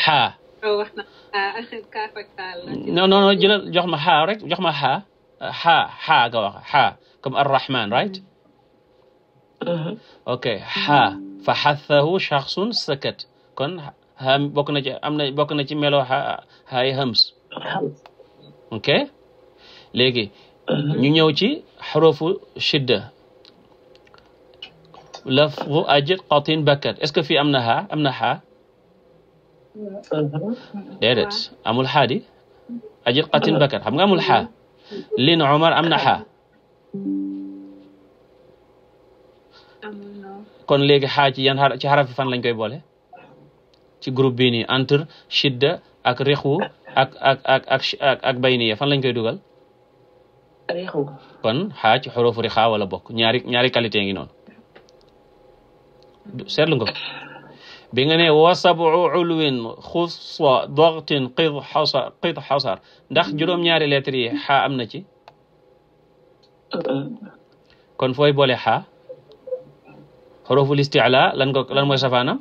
[SPEAKER 2] xaa
[SPEAKER 1] non non non jëlal jox ma xaa rek jox ma xaa xaa xaa nga wax xaa comme arrahman right uh-huh. ok xaa fa xathahu shaxsun sakat kon xaa bokk na ci am na bokk na ci meloo xaa xaay hams ok léegi mhm. ñu ñëw ci xarufu shidda lafzu ajid qatin bakkat est-ce que fii am na xaa am na xaa
[SPEAKER 2] mhm.
[SPEAKER 1] déedéet amul xaa di ajid qatin bakkat xam nga amul xaa mhm. lin am na xaa kon léegi xaa ci yan ci xarafi fan lañ koy boole ci groupe bii nii entre shidda ak rixwu ak ak ak ak ak bayniya fan lañ koy dugal kon xaa ci xorofu rixaa wala bokk ñaari ñaari qualité ngi noonu seetlu nga bi nga ne wa sabu ulwin qid xasar ndax juróom-ñaari lettre yi xaa am na ci kon fooy boole xaa xorofu listiala lan ko lan mooy safaanam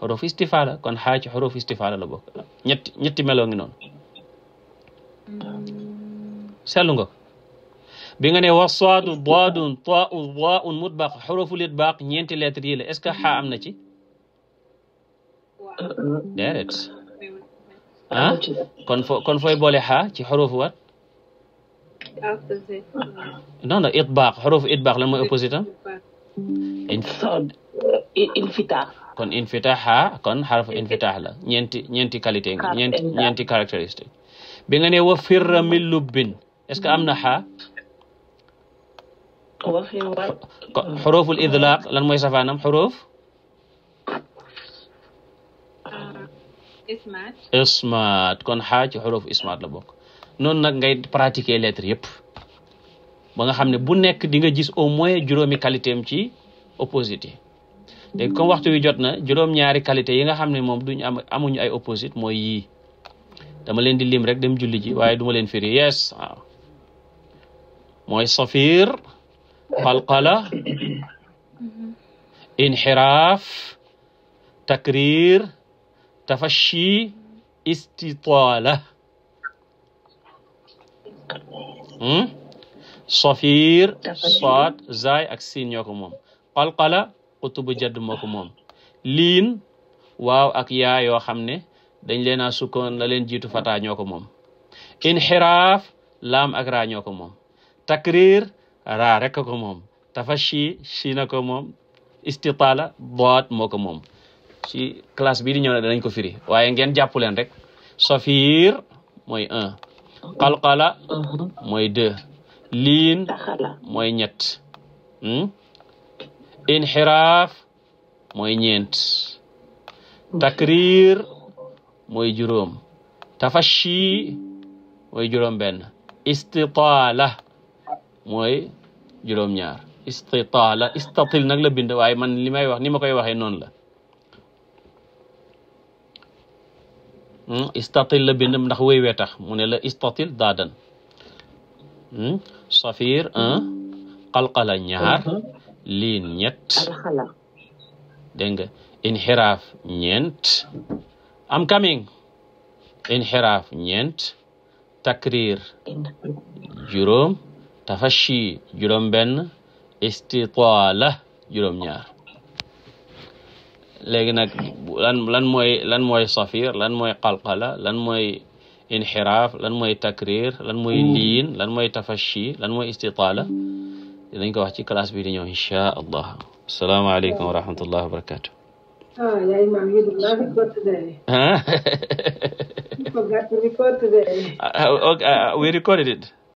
[SPEAKER 1] xorofu istifaala kon xaa ci xorofu la bokk ñetti ñetti meloo ngi noonu mm. bi nga ne wasaadu daadun taau waaun mutbaq xuruful itbaq ñeenti lettres yi la est-ce que xaa am na ci déedéet ah kon fo kon fooy boole xaa ci xurufu wat non non itbaq xurufu itbaq lan mooy opposite am kon infitaax xaa la ñeenti ñeenti qualité ñeenti bi nga ne wa min lubbin est-ce am na xaa waxin waay lan mooy safaanam xuruuf
[SPEAKER 2] uh, ismaat
[SPEAKER 1] ismaat kon xaa ci xuruuf ismaat la bokk noonu nag ngay pratique lettre yëpp ba nga xam ne bu nekk di nga gis au moins juróomi qualité am ci opposite yi kom comme waxtu wi jot na juróom-ñaari qualité yi nga xam ne moom duñ am amuñu ay opposite mooy yii dama leen di lim rek dem julli ji waaye duma leen firi yes waaw safir qalqala inxiraaf takriir tafashi istitaala hmm? safir saad zaay ak siin ñoo ko moom qalqala qutubu jadd moo ko moom liin waaw ak yaa yoo xam ne dañ leena a sukkoon la jiitu fataa ñoo ko moom inxiraaf laam ak raa ñoo ko moom takriir raa ko moom tafa chi na ko moom istitaala boot moo moom ci classe bii di ñëw ko firi waaye ngeen jàpp leen rek safiir mooy un qalqala uh-huh. mooy deux liin mooy ñett hmm? inxiraaf mooy ñeent takriir mooy juróom tafashi mooy juróom benn istitaala mooy juróom-ñaar istitaala istatil nag la bind waaye man li may wax ni ma koy waxee noonu la hmm? istatil la bind ndax wéy wee tax mu ne la istatil daadan hmm? safir un qalqala ñaar liin ñett dégg nga inxiraaf am coming inxiraaf ñeent takrir juróom tafashi juróom benn istitaala juróom ñaar léegi nag lan lan mooy lan mooy safir lan mooy qalqala lan mooy inxiraaf lan mooy takrir lan mooy liin lan mooy tafashi lan mooy istitaala dinañ ko wax ci classe bi di ñëw inchaa allah asalaamaaleykum wa rahmatullahi